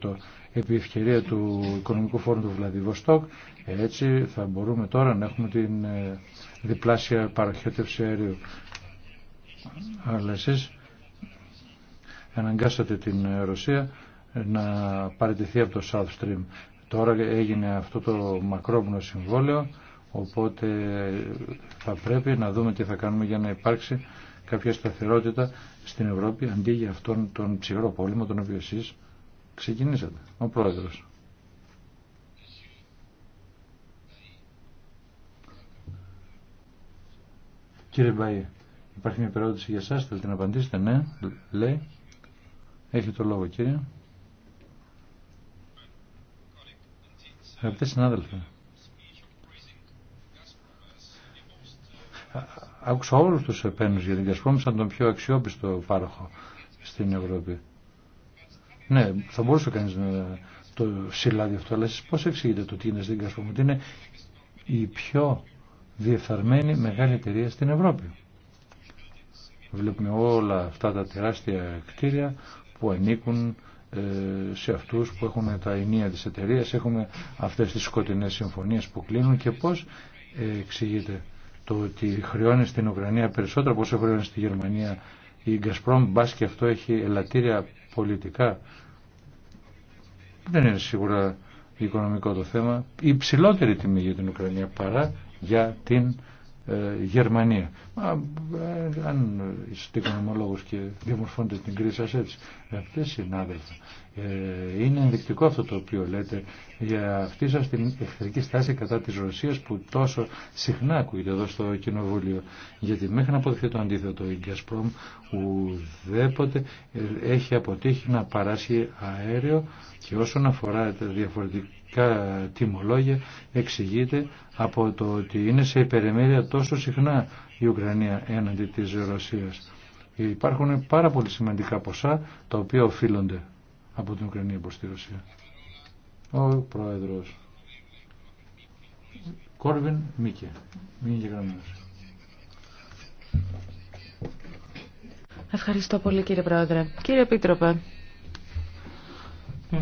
Επί ευκαιρία του Οικονομικού Φόρου του Βλαδιβοστόκ, έτσι θα μπορούμε τώρα να έχουμε την ε, διπλάσια παροχέτευση αερίου. Αλλά εσείς αναγκάσατε την ε, Ρωσία να παραιτηθεί από το South Stream. Τώρα έγινε αυτό το μακρόπνο συμβόλαιο, οπότε θα πρέπει να δούμε τι θα κάνουμε για να υπάρξει κάποια σταθερότητα στην Ευρώπη αντί για αυτόν τον ψυχρό πόλεμο τον οποίο εσείς ξεκινήσατε. Ο Πρόεδρος. Κύριε Μπαϊ, υπάρχει μια περώτηση για εσάς, θέλετε να απαντήσετε, ναι, λέει. Έχει το λόγο κύριε. Αγαπητέ συνάδελφοι, άκουσα όλους τους επένους για την κασπρόμη σαν τον πιο αξιόπιστο πάροχο στην Ευρώπη. Ναι, θα μπορούσε κανείς να το συλλάβει αυτό, αλλά εσείς πώς εξηγείτε το τι είναι στην Κασπρόμ, ότι είναι η πιο διεφθαρμένη μεγάλη εταιρεία στην Ευρώπη. Βλέπουμε όλα αυτά τα τεράστια κτίρια που ανήκουν ε, σε αυτούς που έχουν τα ενία της εταιρεία, έχουμε αυτές τις σκοτεινές συμφωνίες που κλείνουν και πώς ε, εξηγείται το ότι χρεώνει στην Ουκρανία περισσότερο από όσο χρεώνει στη Γερμανία η Γκασπρόμ, Μπά και αυτό έχει ελαττήρια πολιτικά. Δεν είναι σίγουρα οικονομικό το θέμα. Η τιμή για την Ουκρανία παρά για την ε, Γερμανία. Ε, αν είστε οικονομολόγος και διαμορφώνετε την κρίση σας έτσι, αυτές συνάδελφα, ε, είναι ενδεικτικό αυτό το οποίο λέτε για αυτή σας την εχθρική στάση κατά της Ρωσίας που τόσο συχνά ακούγεται εδώ στο Κοινοβούλιο. Γιατί μέχρι να αποδειχθεί το αντίθετο η Γκασπρόμ ουδέποτε έχει αποτύχει να παράσχει αέριο και όσον αφορά τα διαφορετικά τιμολόγια εξηγείται από το ότι είναι σε υπερεμέρεια τόσο συχνά η Ουκρανία έναντι της Ρωσία. Υπάρχουν πάρα πολύ σημαντικά ποσά τα οποία οφείλονται από την Ουκρανία προς τη Ρωσία. Ο Πρόεδρος Κόρβιν Μίκε. Μίκε γραμμένος. Ευχαριστώ πολύ κύριε Πρόεδρε. Κύριε Επίτροπε. Mm.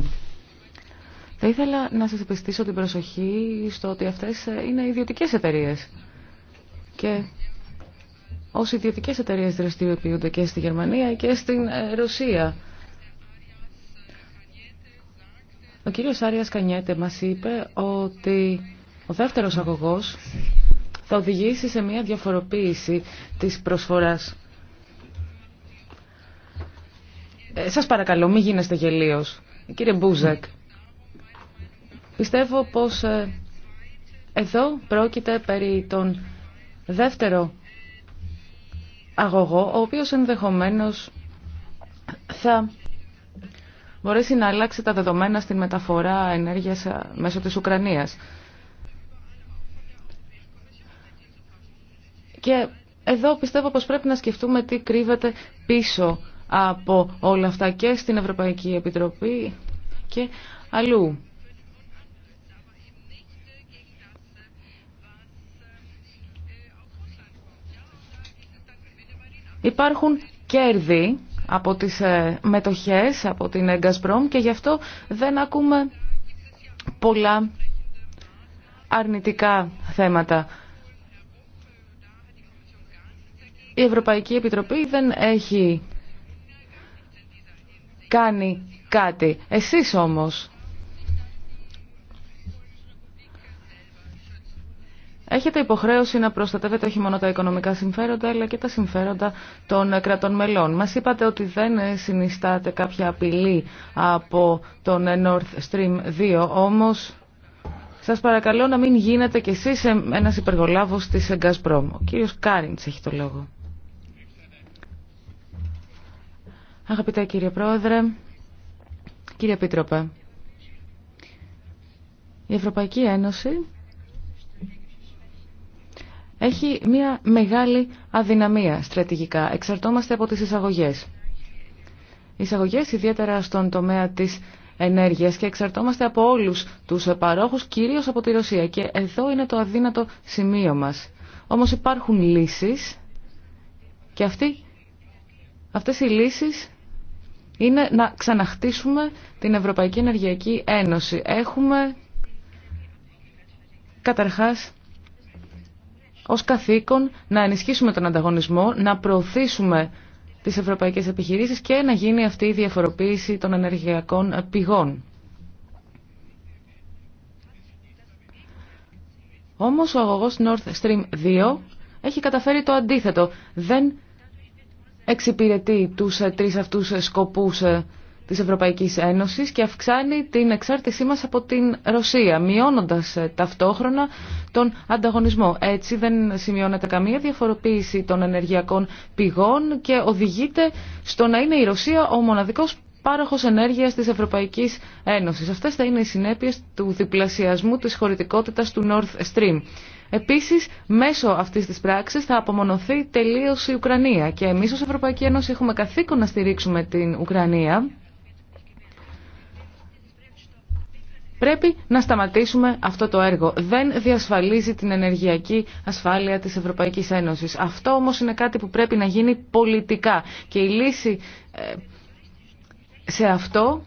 Θα ήθελα να σας επιστήσω την προσοχή στο ότι αυτές ε, είναι ιδιωτικές εταιρείες. Και ως ιδιωτικές εταιρείες δραστηριοποιούνται και στη Γερμανία και στην ε, Ρωσία. Ο κύριος Άριας Κανιέτε μας είπε ότι ο δεύτερος αγωγός θα οδηγήσει σε μια διαφοροποίηση της προσφοράς. Ε, σας παρακαλώ, μην γίνεστε γελίος. Κύριε Μπούζακ, Πιστεύω πως ε, εδώ πρόκειται περί τον δεύτερο αγωγό, ο οποίος ενδεχομένως θα μπορέσει να αλλάξει τα δεδομένα στην μεταφορά ενέργειας ε, μέσω της Ουκρανίας. Και εδώ πιστεύω πως πρέπει να σκεφτούμε τι κρύβεται πίσω από όλα αυτά και στην Ευρωπαϊκή Επιτροπή και αλλού. Υπάρχουν κέρδη από τις ε, μετοχές, από την ε, Gazprom και γι' αυτό δεν ακούμε πολλά αρνητικά θέματα. Η Ευρωπαϊκή Επιτροπή δεν έχει κάνει κάτι. Εσείς όμως έχετε υποχρέωση να προστατεύετε όχι μόνο τα οικονομικά συμφέροντα, αλλά και τα συμφέροντα των ε, κρατών μελών. Μας είπατε ότι δεν ε, συνιστάτε κάποια απειλή από τον ε, North Stream 2, όμως σας παρακαλώ να μην γίνετε κι εσείς ένας υπεργολάβος της Gazprom. Ο κύριος Κάριντς έχει το λόγο. Αγαπητέ κύριε Πρόεδρε, κύριε Επίτροπε, η Ευρωπαϊκή Ένωση έχει μια μεγάλη αδυναμία στρατηγικά. Εξαρτώμαστε από τις εισαγωγές. Εισαγωγές ιδιαίτερα στον τομέα της ενέργειας και εξαρτώμαστε από όλους τους παρόχους, κυρίως από τη Ρωσία. Και εδώ είναι το αδύνατο σημείο μας. Όμως υπάρχουν λύσεις και αυτοί, αυτές οι λύσεις είναι να ξαναχτίσουμε την Ευρωπαϊκή Ενεργειακή Ένωση. Έχουμε καταρχάς ως καθήκον να ενισχύσουμε τον ανταγωνισμό, να προωθήσουμε τις ευρωπαϊκές επιχειρήσεις και να γίνει αυτή η διαφοροποίηση των ενεργειακών πηγών. Όμως ο αγωγός North Stream 2 έχει καταφέρει το αντίθετο. Δεν εξυπηρετεί τους ε, τρεις αυτούς ε, σκοπούς ε, Τη Ευρωπαϊκή Ένωση και αυξάνει την εξάρτησή μα από την Ρωσία, μειώνοντα ε, ταυτόχρονα τον ανταγωνισμό. Έτσι δεν σημειώνεται καμία διαφοροποίηση των ενεργειακών πηγών και οδηγείται στο να είναι η Ρωσία ο μοναδικό πάροχο ενέργεια τη Ευρωπαϊκή Ένωση. Αυτέ θα είναι οι συνέπειε του διπλασιασμού τη χωρητικότητα του North Stream. Επίση, μέσω αυτή τη πράξη θα απομονωθεί τελείω η Ουκρανία και εμεί, ω Ευρωπαϊκή Ένωση έχουμε καθήκον να στηρίξουμε την Ουκρανία Πρέπει να σταματήσουμε αυτό το έργο. Δεν διασφαλίζει την ενεργειακή ασφάλεια της Ευρωπαϊκής Ένωσης. Αυτό όμως είναι κάτι που πρέπει να γίνει πολιτικά. Και η λύση ε, σε αυτό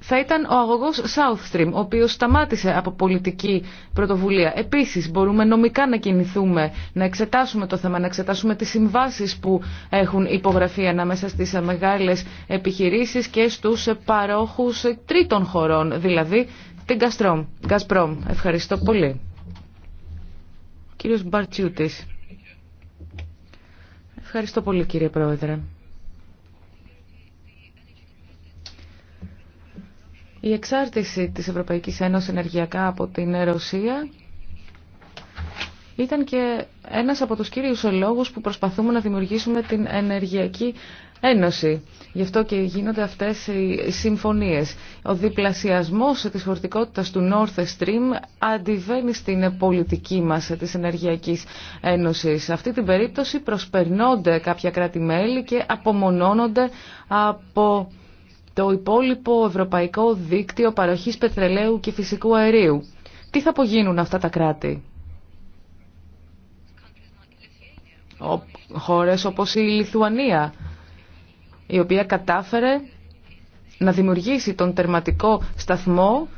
θα ήταν ο αγωγός South Stream, ο οποίος σταμάτησε από πολιτική πρωτοβουλία. Επίσης, μπορούμε νομικά να κινηθούμε, να εξετάσουμε το θέμα, να εξετάσουμε τις συμβάσεις που έχουν υπογραφεί ανάμεσα στις μεγάλες επιχειρήσεις και στους παρόχους τρίτων χωρών, δηλαδή την Gazprom. Gazprom. Ευχαριστώ πολύ. Κύριος Μπαρτσιούτης. Ευχαριστώ πολύ κύριε Πρόεδρε. Η εξάρτηση της Ευρωπαϊκής Ένωσης ενεργειακά από την Ρωσία ήταν και ένας από τους κύριους λόγους που προσπαθούμε να δημιουργήσουμε την ενεργειακή Ένωση. Γι' αυτό και γίνονται αυτές οι συμφωνίες. Ο διπλασιασμός της φορτικότητας του North Stream αντιβαίνει στην πολιτική μας της Ενεργειακής Ένωσης. Σε αυτή την περίπτωση προσπερνώνται κάποια κράτη-μέλη και απομονώνονται από το υπόλοιπο ευρωπαϊκό δίκτυο παροχής πετρελαίου και φυσικού αερίου. Τι θα απογίνουν αυτά τα κράτη. Ο, χώρες όπως η Λιθουανία, η οποία κατάφερε να δημιουργήσει τον τερματικό σταθμό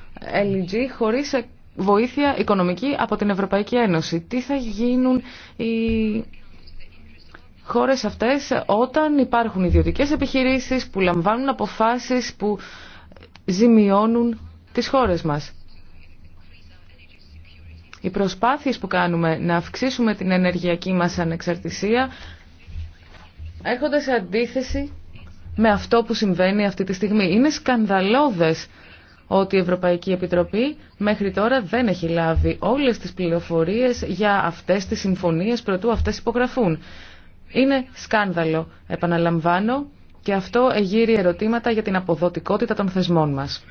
LG χωρίς βοήθεια οικονομική από την Ευρωπαϊκή Ένωση. Τι θα γίνουν οι χώρες αυτές όταν υπάρχουν ιδιωτικές επιχειρήσεις που λαμβάνουν αποφάσεις που ζημιώνουν τις χώρες μας. Οι προσπάθειες που κάνουμε να αυξήσουμε την ενεργειακή μας ανεξαρτησία έρχονται σε αντίθεση με αυτό που συμβαίνει αυτή τη στιγμή. Είναι σκανδαλώδες ότι η Ευρωπαϊκή Επιτροπή μέχρι τώρα δεν έχει λάβει όλες τις πληροφορίες για αυτές τις συμφωνίες προτού αυτές υπογραφούν. Είναι σκάνδαλο, επαναλαμβάνω, και αυτό εγείρει ερωτήματα για την αποδοτικότητα των θεσμών μας.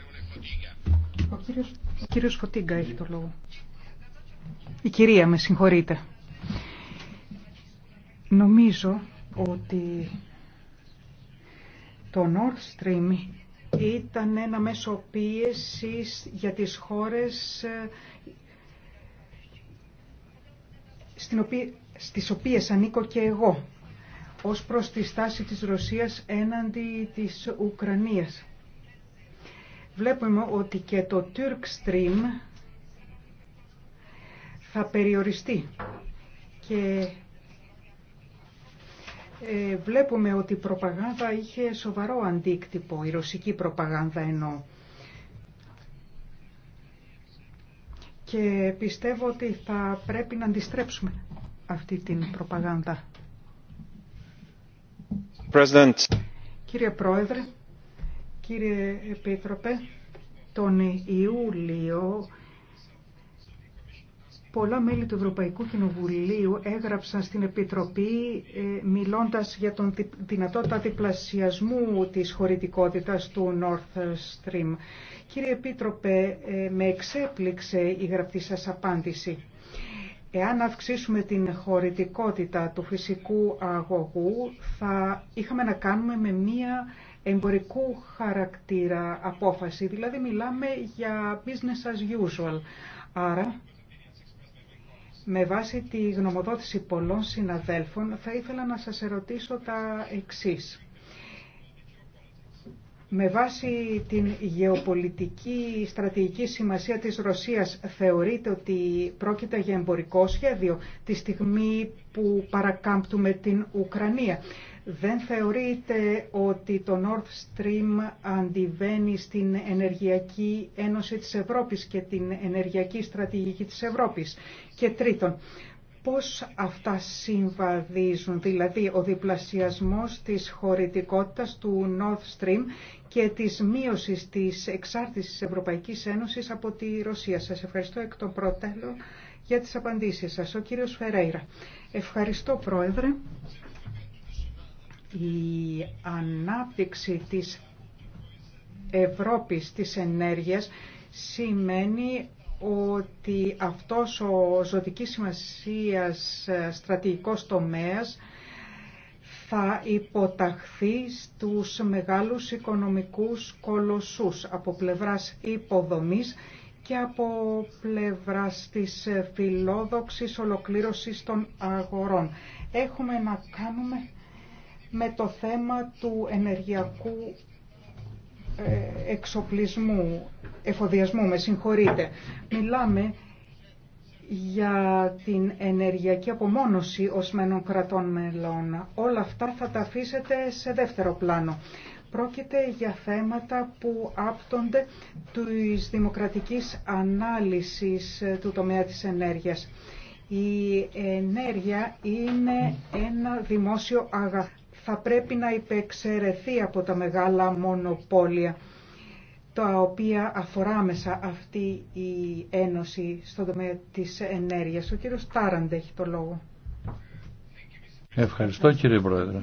Ο κύριος, ο Φωτίγκα έχει το λόγο. Η κυρία, με συγχωρείτε. Νομίζω ότι το Nord Stream ήταν ένα μέσο πίεσης για τις χώρες ε, στην οποία, στις οποίες ανήκω και εγώ ως προς τη στάση της Ρωσίας έναντι της Ουκρανίας. Βλέπουμε ότι και το Turk Stream θα περιοριστεί και ε, βλέπουμε ότι η προπαγάνδα είχε σοβαρό αντίκτυπο, η ρωσική προπαγάνδα εννοώ. Και πιστεύω ότι θα πρέπει να αντιστρέψουμε αυτή την προπαγάνδα. Κύριε Πρόεδρε, κύριε Επίτροπε, τον Ιούλιο πολλά μέλη του Ευρωπαϊκού Κοινοβουλίου έγραψαν στην Επιτροπή ε, μιλώντας για τον δυνατότητα διπλασιασμού της χωρητικότητας του North Stream. Κύριε Επίτροπε, ε, με εξέπληξε η γραπτή σας απάντηση Εάν αυξήσουμε την χωρητικότητα του φυσικού αγωγού, θα είχαμε να κάνουμε με μία εμπορικού χαρακτήρα απόφαση. Δηλαδή μιλάμε για business as usual. Άρα, με βάση τη γνωμοδότηση πολλών συναδέλφων, θα ήθελα να σας ερωτήσω τα εξής. Με βάση την γεωπολιτική στρατηγική σημασία της Ρωσίας θεωρείται ότι πρόκειται για εμπορικό σχέδιο τη στιγμή που παρακάμπτουμε την Ουκρανία. Δεν θεωρείται ότι το Nord Stream αντιβαίνει στην Ενεργειακή Ένωση της Ευρώπης και την Ενεργειακή Στρατηγική της Ευρώπης. Και τρίτον, Πώς αυτά συμβαδίζουν, δηλαδή ο διπλασιασμός της χωρητικότητας του North Stream και της μείωσης της εξάρτησης της Ευρωπαϊκής Ένωσης από τη Ρωσία. Σας ευχαριστώ εκ των προτέλων για τις απαντήσεις σας. Ο κύριος Φερέιρα. Ευχαριστώ Πρόεδρε. Η ανάπτυξη της Ευρώπης της ενέργειας σημαίνει ότι αυτός ο ζωτικής σημασίας ε, στρατηγικός τομέας θα υποταχθεί στους μεγάλους οικονομικούς κολοσσούς από πλευράς υποδομής και από πλευράς της ε, φιλόδοξης ολοκλήρωσης των αγορών. Έχουμε να κάνουμε με το θέμα του ενεργειακού ε, εξοπλισμού εφοδιασμού, με συγχωρείτε. Μιλάμε για την ενεργειακή απομόνωση μένων κρατών μελών. Όλα αυτά θα τα αφήσετε σε δεύτερο πλάνο. Πρόκειται για θέματα που άπτονται της δημοκρατικής ανάλυσης του τομέα της ενέργειας. Η ενέργεια είναι ένα δημόσιο αγαθό. Θα πρέπει να υπεξαιρεθεί από τα μεγάλα μονοπόλια τα οποία αφορά μέσα αυτή η ένωση στον τομέα της ενέργειας. Ο κύριος Τάραντ έχει το λόγο. Ευχαριστώ κύριε Πρόεδρε.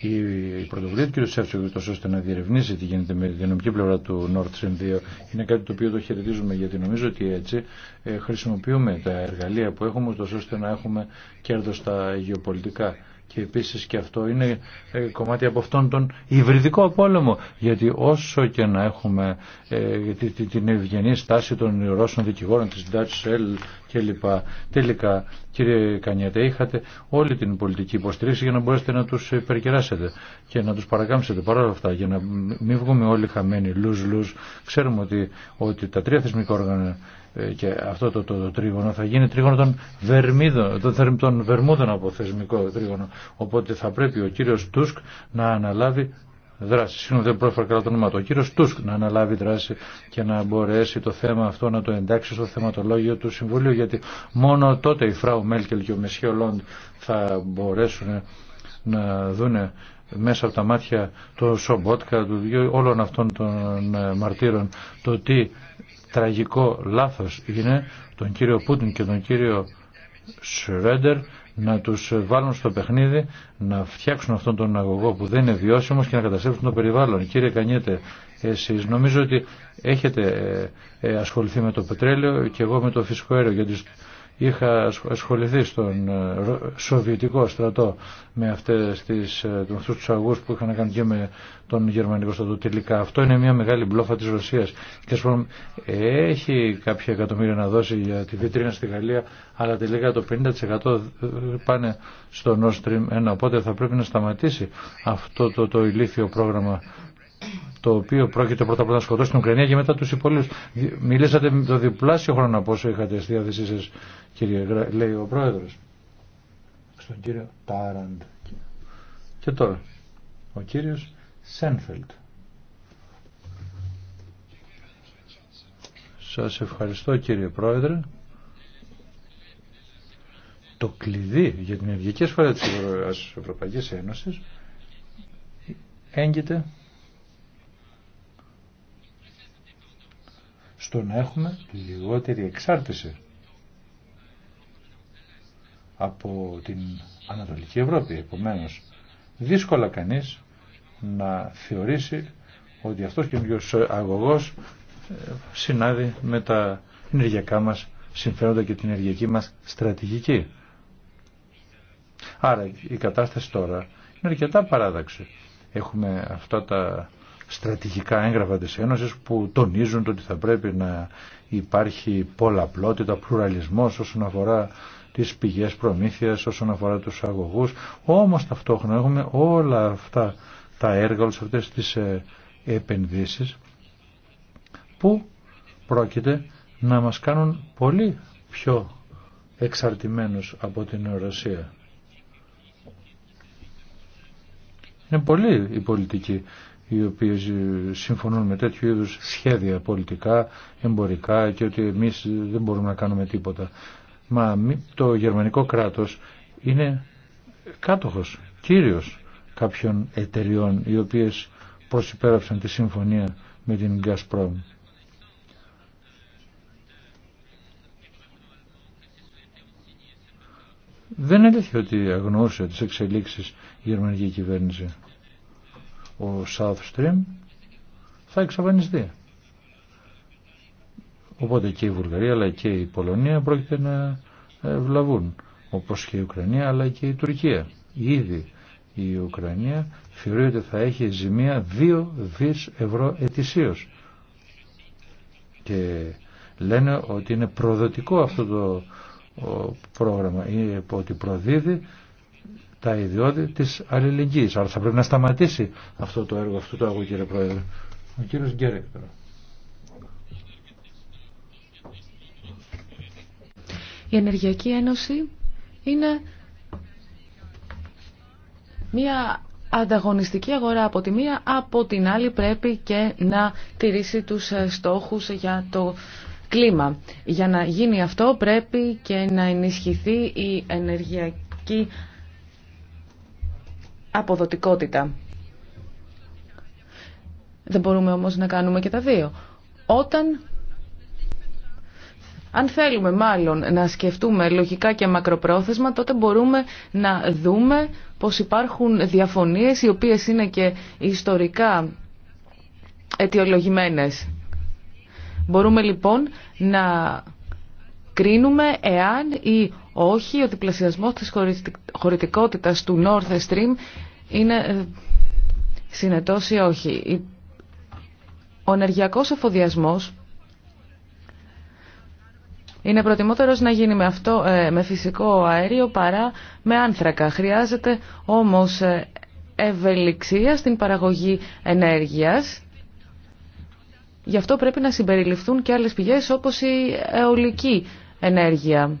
Η πρωτοβουλία του κ. Σεύτσογλου, ώστε να διερευνήσει τι γίνεται με την νομική πλευρά του Nord Stream 2, είναι κάτι το οποίο το χαιρετίζουμε γιατί νομίζω ότι έτσι ε, χρησιμοποιούμε τα εργαλεία που έχουμε, ώστε να έχουμε κέρδο στα γεωπολιτικά και επίσης και αυτό είναι ε, κομμάτι από αυτόν τον υβριδικό πόλεμο γιατί όσο και να έχουμε ε, την ευγενή στάση των Ρώσων δικηγόρων της Dutch Shell κλπ. Τελικά, κύριε Κανιέτα, είχατε όλη την πολιτική υποστήριξη για να μπορέσετε να τους υπερκεράσετε και να τους παρακάμψετε όλα αυτά, για να μην βγούμε όλοι χαμένοι, λούς-λούς. Ξέρουμε ότι, ότι τα τρία θεσμικά όργανα ε, και αυτό το, το, τρίγωνο θα γίνει τρίγωνο των, βερμίδων, των, των βερμούδων από θεσμικό τρίγωνο. Οπότε θα πρέπει ο κύριος Τούσκ να αναλάβει δράση. Συγγνώμη, δεν πρόφερα καλά το όνομα του. Ο κύριο Τούσκ να αναλάβει δράση και να μπορέσει το θέμα αυτό να το εντάξει στο θεματολόγιο του Συμβουλίου. Γιατί μόνο τότε η Φράου Μέλκελ και ο Μεσχέ Λόντ θα μπορέσουν να δούνε μέσα από τα μάτια το Σομπότκα, του, όλων αυτών των ε, μαρτύρων, το τι τραγικό λάθος είναι τον κύριο Πούτιν και τον κύριο Σρέντερ να τους βάλουν στο παιχνίδι, να φτιάξουν αυτόν τον αγωγό που δεν είναι βιώσιμος και να καταστρέψουν το περιβάλλον. Κύριε Κανιέτε, εσείς νομίζω ότι έχετε ε, ε, ασχοληθεί με το πετρέλαιο και εγώ με το φυσικό αέριο, γιατί είχα ασχοληθεί στον ε, Σοβιετικό στρατό με αυτές τις, ε, αυτούς τους αγούς που είχαν να κάνουν και με τον Γερμανικό στρατό τελικά. Αυτό είναι μια μεγάλη μπλόφα της Ρωσίας. Και ας έχει κάποια εκατομμύρια να δώσει για τη βιτρίνα στη Γαλλία, αλλά τελικά το 50% πάνε στο Nord Stream 1. Οπότε θα πρέπει να σταματήσει αυτό το, το ηλίθιο πρόγραμμα το οποίο πρόκειται πρώτα απ' όλα να σκοτώσει την Ουκρανία και μετά του υπόλοιπους Μιλήσατε με το διπλάσιο χρόνο από όσο είχατε στη διάθεσή σα, κύριε, λέει ο πρόεδρο. Στον κύριο Τάραντ. Και τώρα, ο κύριο Σένφελτ. Σας ευχαριστώ κύριε Πρόεδρε. Το κλειδί για την ενεργειακή ασφάλεια της Ευρωπαϊκής Ένωσης έγκυται στο να έχουμε λιγότερη εξάρτηση από την Ανατολική Ευρώπη. Επομένως, δύσκολα κανείς να θεωρήσει ότι αυτός και ο αγωγός ε, συνάδει με τα ενεργειακά μας συμφέροντα και την ενεργειακή μας στρατηγική. Άρα η κατάσταση τώρα είναι αρκετά παράδοξη. Έχουμε αυτά τα στρατηγικά έγγραφα της Ένωσης που τονίζουν το ότι θα πρέπει να υπάρχει πολλαπλότητα, πλουραλισμός όσον αφορά τις πηγές προμήθειας, όσον αφορά τους αγωγούς. Όμως ταυτόχρονα έχουμε όλα αυτά τα έργα, όλες αυτές τις ε, επενδύσεις που πρόκειται να μας κάνουν πολύ πιο εξαρτημένους από την Ρωσία. Είναι πολύ η πολιτική οι οποίες συμφωνούν με τέτοιου είδους σχέδια πολιτικά, εμπορικά και ότι εμείς δεν μπορούμε να κάνουμε τίποτα. Μα το γερμανικό κράτος είναι κάτοχος, κύριος κάποιων εταιριών οι οποίες προσυπέραψαν τη συμφωνία με την Gazprom. Δεν έλεγε ότι αγνοούσε τις εξελίξεις η γερμανική κυβέρνηση ο South Stream θα εξαφανιστεί. Οπότε και η Βουλγαρία αλλά και η Πολωνία πρόκειται να ε, βλαβούν όπως και η Ουκρανία αλλά και η Τουρκία. Ήδη η Ουκρανία θεωρεί ότι θα έχει ζημία 2 δις ευρώ ετησίως. Και λένε ότι είναι προδοτικό αυτό το πρόγραμμα, ότι προδίδει τα ιδιότητα της αλληλεγγύη. Άρα θα πρέπει να σταματήσει αυτό το έργο, αυτό το έργο κύριε Πρόεδρε. Ο κύριο Γκέρεκ Η Ενεργειακή Ένωση είναι μια ανταγωνιστική αγορά από τη μία, από την άλλη πρέπει και να τηρήσει τους ε, στόχους για το κλίμα. Για να γίνει αυτό πρέπει και να ενισχυθεί η ενεργειακή αποδοτικότητα. Δεν μπορούμε όμως να κάνουμε και τα δύο. Όταν αν θέλουμε μάλλον να σκεφτούμε λογικά και μακροπρόθεσμα, τότε μπορούμε να δούμε πως υπάρχουν διαφωνίες οι οποίες είναι και ιστορικά αιτιολογημένες. Μπορούμε λοιπόν να κρίνουμε εάν η όχι ότι ο πλασιασμός της χωρητικότητας του North Stream είναι ε, συνετός ή όχι. Ο ενεργειακός εφοδιασμός είναι προτιμότερος να γίνει με, αυτό, ε, με φυσικό αέριο παρά με άνθρακα. Χρειάζεται όμως ε, ευελιξία στην παραγωγή ενέργειας. Γι' αυτό πρέπει να συμπεριληφθούν και άλλες πηγές όπως η αιωλική ενέργεια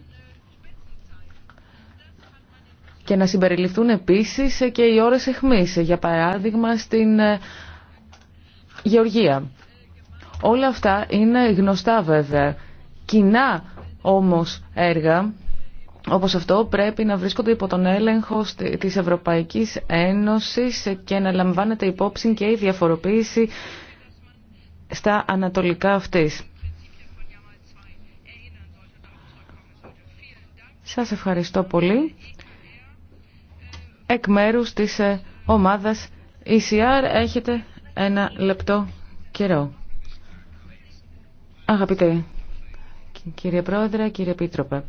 και να συμπεριληφθούν επίσης και οι ώρες εχμής, για παράδειγμα στην ε, γεωργία. Όλα αυτά είναι γνωστά βέβαια. Κοινά όμως έργα, όπως αυτό, πρέπει να βρίσκονται υπό τον έλεγχο της Ευρωπαϊκής Ένωσης και να λαμβάνεται υπόψη και η διαφοροποίηση στα ανατολικά αυτές. Σας ευχαριστώ πολύ εκ μέρους της ε, ομάδας ECR έχετε ένα λεπτό καιρό. Αγαπητέ κύριε Πρόεδρε, κύριε Επίτροπε,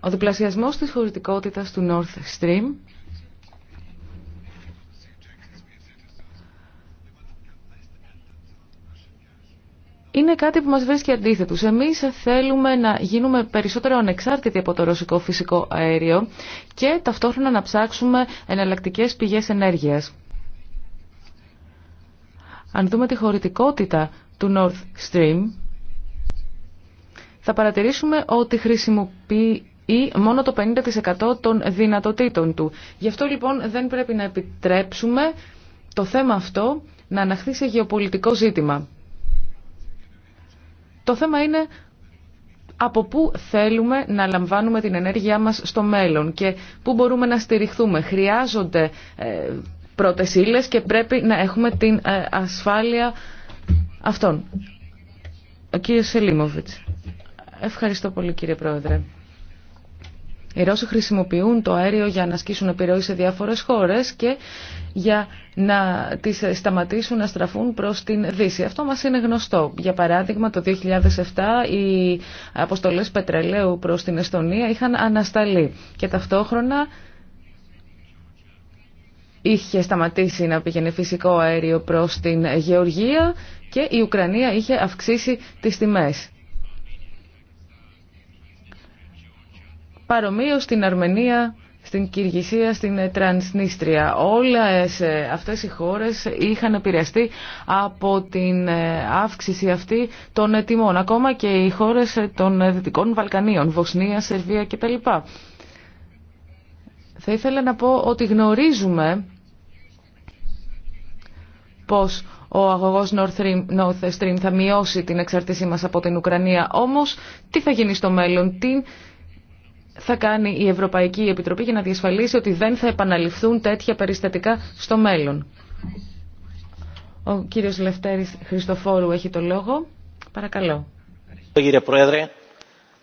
ο διπλασιασμός της χωρητικότητας του North Stream είναι κάτι που μας βρίσκει αντίθετους. Εμείς θέλουμε να γίνουμε περισσότερο ανεξάρτητοι από το ρωσικό φυσικό αέριο και ταυτόχρονα να ψάξουμε εναλλακτικές πηγές ενέργειας. Αν δούμε τη χωρητικότητα του North Stream, θα παρατηρήσουμε ότι χρησιμοποιεί μόνο το 50% των δυνατοτήτων του. Γι' αυτό λοιπόν δεν πρέπει να επιτρέψουμε το θέμα αυτό να αναχθεί σε γεωπολιτικό ζήτημα. Το θέμα είναι από πού θέλουμε να λαμβάνουμε την ενέργειά μας στο μέλλον και πού μπορούμε να στηριχθούμε. Χρειάζονται ε, πρώτες ύλες και πρέπει να έχουμε την ε, ασφάλεια αυτών. Ο κύριος Ευχαριστώ πολύ κύριε Πρόεδρε. Οι Ρώσοι χρησιμοποιούν το αέριο για να ασκήσουν επιρροή σε διάφορες χώρες και για να τις σταματήσουν να στραφούν προς την Δύση. Αυτό μας είναι γνωστό. Για παράδειγμα, το 2007 οι αποστολές πετρελαίου προς την Εστονία είχαν ανασταλεί και ταυτόχρονα είχε σταματήσει να πηγαίνει φυσικό αέριο προς την Γεωργία και η Ουκρανία είχε αυξήσει τις τιμές. παρομοίω στην Αρμενία, στην Κυργησία, στην Τρανσνίστρια. Όλα ε, αυτές οι χώρες είχαν επηρεαστεί από την ε, αύξηση αυτή των τιμών, ακόμα και οι χώρες των Δυτικών Βαλκανίων, Βοσνία, Σερβία κτλ. Θα ήθελα να πω ότι γνωρίζουμε πως ο αγωγός North Stream θα μειώσει την εξαρτήσή μας από την Ουκρανία. Όμως, τι θα γίνει στο μέλλον, την θα κάνει η Ευρωπαϊκή Επιτροπή για να διασφαλίσει ότι δεν θα επαναληφθούν τέτοια περιστατικά στο μέλλον. Ο κύριος Λευτέρης Χριστοφόρου έχει το λόγο. Παρακαλώ. Κύριε Πρόεδρε,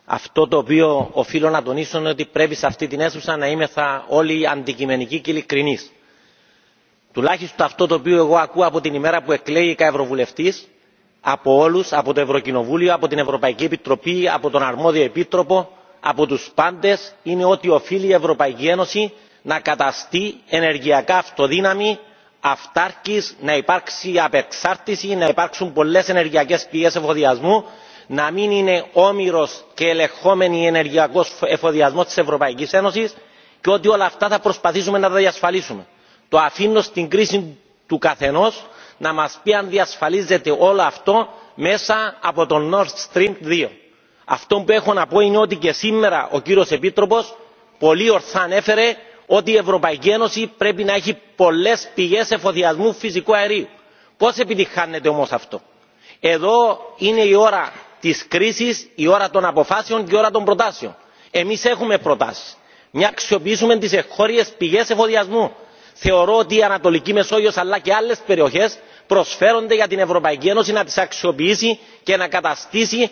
αυτό το οποίο οφείλω να τονίσω είναι ότι πρέπει σε αυτή την αίθουσα να είμαι θα όλοι αντικειμενικοί και ειλικρινείς. Τουλάχιστον αυτό το οποίο εγώ ακούω από την ημέρα που εκλέγηκα Ευρωβουλευτής, από όλους, από το Ευρωκοινοβούλιο, από την Ευρωπαϊκή Επιτροπή, από τον Αρμόδιο Επίτροπο, από τους πάντες είναι ότι οφείλει η Ευρωπαϊκή Ένωση να καταστεί ενεργειακά αυτοδύναμη, αυτάρκης, να υπάρξει απεξάρτηση, να υπάρξουν πολλές ενεργειακές πηγές εφοδιασμού, να μην είναι όμοιρος και ελεγχόμενη ενεργειακός εφοδιασμός της Ευρωπαϊκής Ένωσης και ότι όλα αυτά θα προσπαθήσουμε να τα διασφαλίσουμε. Το αφήνω στην κρίση του καθενός να μας πει αν διασφαλίζεται όλο αυτό μέσα από το Nord Stream 2 αυτό που έχω να πω είναι ότι και σήμερα ο κύριος επίτροπος πολύ ορθά ανέφερε ότι η ευρωπαϊκή ένωση πρέπει να έχει πολλές πηγές εφοδιασμού φυσικού αερίου. πώς επιτυχάνεται όμως αυτό; εδώ είναι η ώρα της κρίσης η ώρα των αποφάσεων και η ώρα των προτάσεων. εμείς έχουμε προτάσεις. μια αξιοποιήσουμε τις εγχώριες πηγές εφοδιασμού. θεωρώ ότι η ανατολική μεσόγειος αλλά και άλλες περιοχές προσφέρονται για την ευρωπαϊκή ένωση να τις αξιοποιήσει και να καταστήσει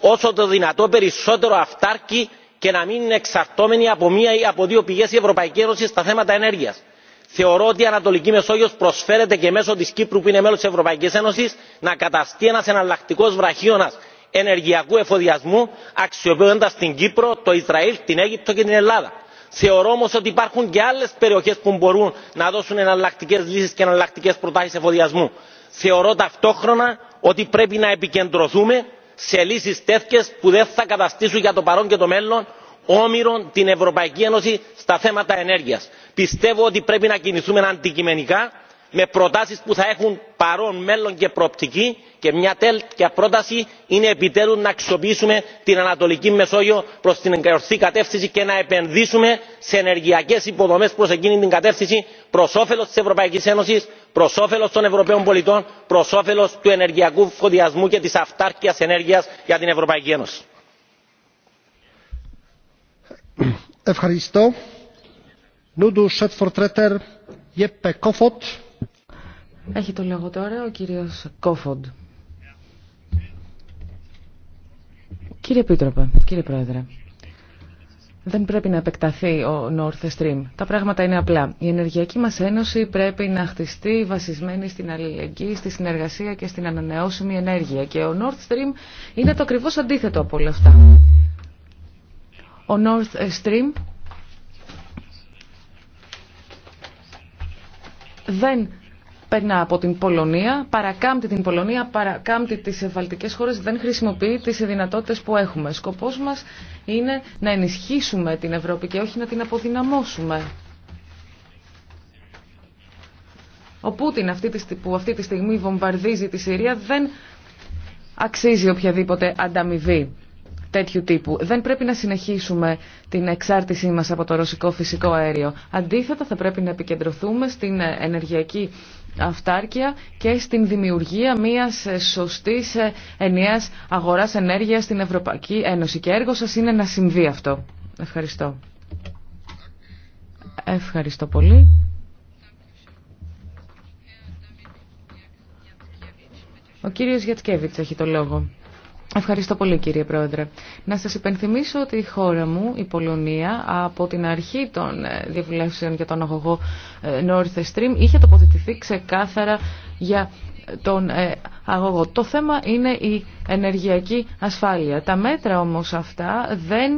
όσο το δυνατό περισσότερο αυτάρκη και να μην είναι εξαρτώμενη από μία ή από δύο πηγές η Ευρωπαϊκή Ένωση στα θέματα ενέργειας. Θεωρώ ότι η Ανατολική Μεσόγειος προσφέρεται και μέσω της Κύπρου που είναι μέλος της Ευρωπαϊκής Ένωσης να καταστεί ένας εναλλακτικός βραχίωνας ενεργειακού εφοδιασμού αξιοποιώντας την Κύπρο, το Ισραήλ, την Αίγυπτο και την Ελλάδα. Θεωρώ όμω ότι υπάρχουν και άλλε περιοχέ που μπορούν να δώσουν εναλλακτικέ λύσει και εναλλακτικέ προτάσει εφοδιασμού. Θεωρώ ταυτόχρονα ότι πρέπει να επικεντρωθούμε σε λύσει τέτοιε που δεν θα καταστήσουν για το παρόν και το μέλλον όμοιρο την Ευρωπαϊκή Ένωση στα θέματα ενέργεια. Πιστεύω ότι πρέπει να κινηθούμε αντικειμενικά με προτάσει που θα έχουν παρόν, μέλλον και προοπτική και μια τέτοια πρόταση είναι επιτέλου να αξιοποιήσουμε την Ανατολική Μεσόγειο προ την ορθή κατεύθυνση και να επενδύσουμε σε ενεργειακέ υποδομέ προ εκείνη την κατεύθυνση προ όφελο τη Ευρωπαϊκή Ένωση, προ όφελο των ευρωπαίων πολιτών προ όφελο του ενεργειακού φοδιασμού και τη αυτάρκεια ενέργεια για την ευρωπαϊκή ένωση. Ευχαριστώ. Έχει το λόγο τώρα ο κύριος Κόφοντ. Κύριε Πίτροπε, κύριε Πρόεδρε, δεν πρέπει να επεκταθεί ο North Stream. Τα πράγματα είναι απλά. Η ενεργειακή μας ένωση πρέπει να χτιστεί βασισμένη στην αλληλεγγύη, στη συνεργασία και στην ανανεώσιμη ενέργεια. Και ο North Stream είναι το ακριβώς αντίθετο από όλα αυτά. Ο North Stream δεν περνά από την Πολωνία, παρακάμπτει την Πολωνία, παρακάμπτει τις ευαλτικές χώρες, δεν χρησιμοποιεί τις δυνατότητες που έχουμε. Σκοπός μας είναι να ενισχύσουμε την Ευρώπη και όχι να την αποδυναμώσουμε. Ο Πούτιν που αυτή τη στιγμή βομβαρδίζει τη Συρία δεν αξίζει οποιαδήποτε ανταμοιβή τέτοιου τύπου. Δεν πρέπει να συνεχίσουμε την εξάρτησή μας από το ρωσικό φυσικό αέριο. Αντίθετα θα πρέπει να επικεντρωθούμε στην ε, ενεργειακή αυτάρκεια και στην δημιουργία μιας σωστής ε, ενιαίας αγοράς ενέργειας στην Ευρωπαϊκή Ένωση. Και έργο σας είναι να συμβεί αυτό. Ευχαριστώ. Ευχαριστώ πολύ. Ο κύριος Γιατσκέβιτς έχει το λόγο. Ευχαριστώ πολύ κύριε Πρόεδρε. Να σας υπενθυμίσω ότι η χώρα μου, η Πολωνία, από την αρχή των ε, διαβουλεύσεων για τον αγωγό ε, North Stream είχε τοποθετηθεί ξεκάθαρα για τον ε, αγωγό. Το θέμα είναι η ενεργειακή ασφάλεια. Τα μέτρα όμως αυτά δεν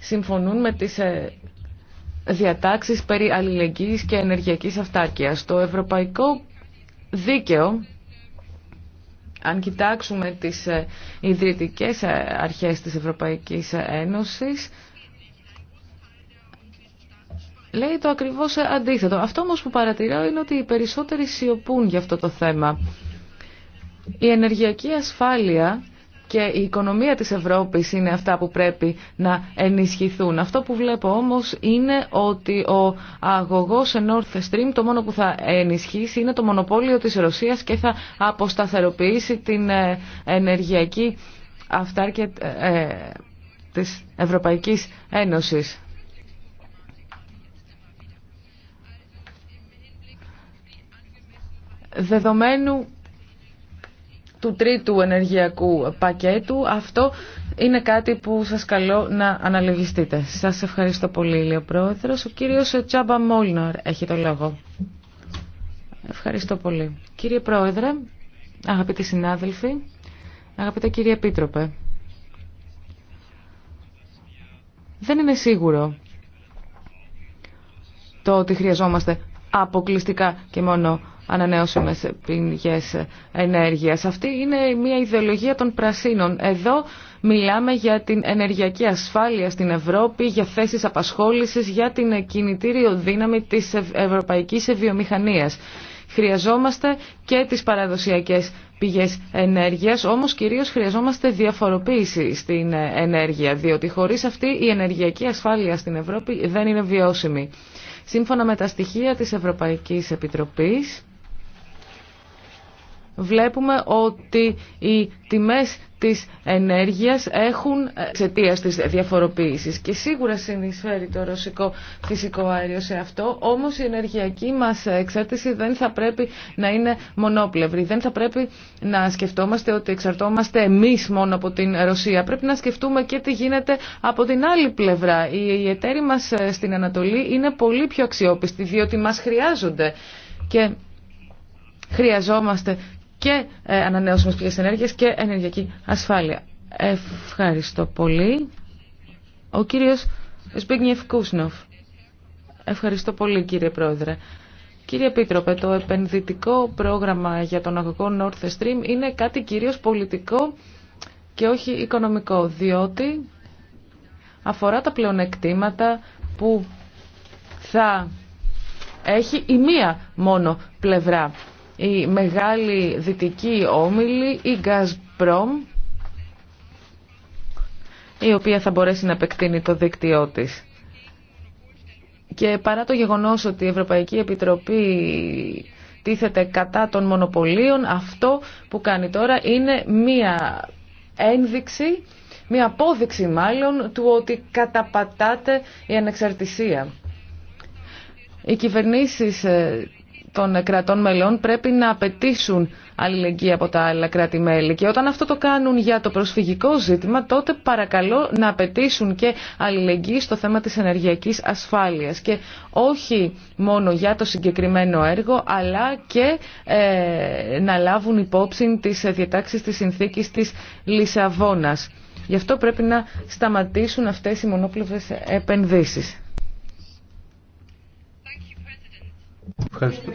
συμφωνούν με τις διατάξεις περί αλληλεγγύης και ενεργειακής αυτάρκειας. Το ευρωπαϊκό δίκαιο αν κοιτάξουμε τις ε, ιδρυτικές ε, αρχές της Ευρωπαϊκής Ένωσης, λέει το ακριβώς ε, αντίθετο. Αυτό όμως που παρατηρώ είναι ότι οι περισσότεροι σιωπούν για αυτό το θέμα. Η ενεργειακή ασφάλεια και η οικονομία της Ευρώπης είναι αυτά που πρέπει να ενισχυθούν. Αυτό που βλέπω όμως είναι ότι ο αγωγός North Stream το μόνο που θα ενισχύσει είναι το μονοπόλιο της Ρωσίας και θα αποσταθεροποιήσει την ε, ενεργειακή αυτάρκεια ε, ε, της Ευρωπαϊκής Ένωσης. Δεδομένου του τρίτου ενεργειακού πακέτου. Αυτό είναι κάτι που σας καλώ να αναλογιστείτε. Σας ευχαριστώ πολύ, λέει ο Πρόεδρος. Ο κύριος Τσάμπα Μόλναρ έχει το λόγο. Ευχαριστώ πολύ. Κύριε Πρόεδρε, αγαπητοί συνάδελφοι, αγαπητέ κύριε Επίτροπε, δεν είναι σίγουρο το ότι χρειαζόμαστε αποκλειστικά και μόνο ανανεώσιμες πηγές ενέργειας. Αυτή είναι μια ιδεολογία των πρασίνων. Εδώ μιλάμε για την ενεργειακή ασφάλεια στην Ευρώπη, για θέσεις απασχόλησης, για την κινητήριο δύναμη της ευρωπαϊκής βιομηχανίας. Χρειαζόμαστε και τις παραδοσιακές πηγές ενέργειας, όμως κυρίως χρειαζόμαστε διαφοροποίηση στην ενέργεια, διότι χωρίς αυτή η ενεργειακή ασφάλεια στην Ευρώπη δεν είναι βιώσιμη. Σύμφωνα με τα στοιχεία της Ευρωπαϊκής Επιτροπής, βλέπουμε ότι οι τιμές της ενέργειας έχουν ε, εξαιτία της διαφοροποίησης και σίγουρα συνεισφέρει το ρωσικό φυσικό αέριο σε αυτό όμως η ενεργειακή μας εξάρτηση δεν θα πρέπει να είναι μονόπλευρη δεν θα πρέπει να σκεφτόμαστε ότι εξαρτώμαστε εμείς μόνο από την Ρωσία πρέπει να σκεφτούμε και τι γίνεται από την άλλη πλευρά οι εταίροι μας ε, στην Ανατολή είναι πολύ πιο αξιόπιστοι διότι μας χρειάζονται και χρειαζόμαστε και ε, ανανεώσιμες πηγές ενέργειας και ενεργειακή ασφάλεια. Ευχαριστώ πολύ. Ο κύριος Σπίγνιεφ Κούσνοφ. Ευχαριστώ πολύ κύριε Πρόεδρε. Κύριε Επίτροπε, το επενδυτικό πρόγραμμα για τον αγωγό North Stream είναι κάτι κυρίως πολιτικό και όχι οικονομικό, διότι αφορά τα πλεονεκτήματα που θα έχει η μία μόνο πλευρά η Μεγάλη Δυτική ομίλη η Gazprom, η οποία θα μπορέσει να επεκτείνει το δίκτυό της. Και παρά το γεγονός ότι η Ευρωπαϊκή Επιτροπή τίθεται κατά των μονοπωλίων, αυτό που κάνει τώρα είναι μία ένδειξη, μία απόδειξη μάλλον, του ότι καταπατάται η ανεξαρτησία. Οι κυβερνήσεις ε, των κρατών μελών πρέπει να απαιτήσουν αλληλεγγύη από τα άλλα κράτη-μέλη. Και όταν αυτό το κάνουν για το προσφυγικό ζήτημα, τότε παρακαλώ να απαιτήσουν και αλληλεγγύη στο θέμα της ενεργειακής ασφάλειας. Και όχι μόνο για το συγκεκριμένο έργο, αλλά και ε, να λάβουν υπόψη τις διατάξεις της συνθήκης της Λισαβόνας. Γι' αυτό πρέπει να σταματήσουν αυτές οι μονόπλευρες επενδύσεις. Ευχαριστώ.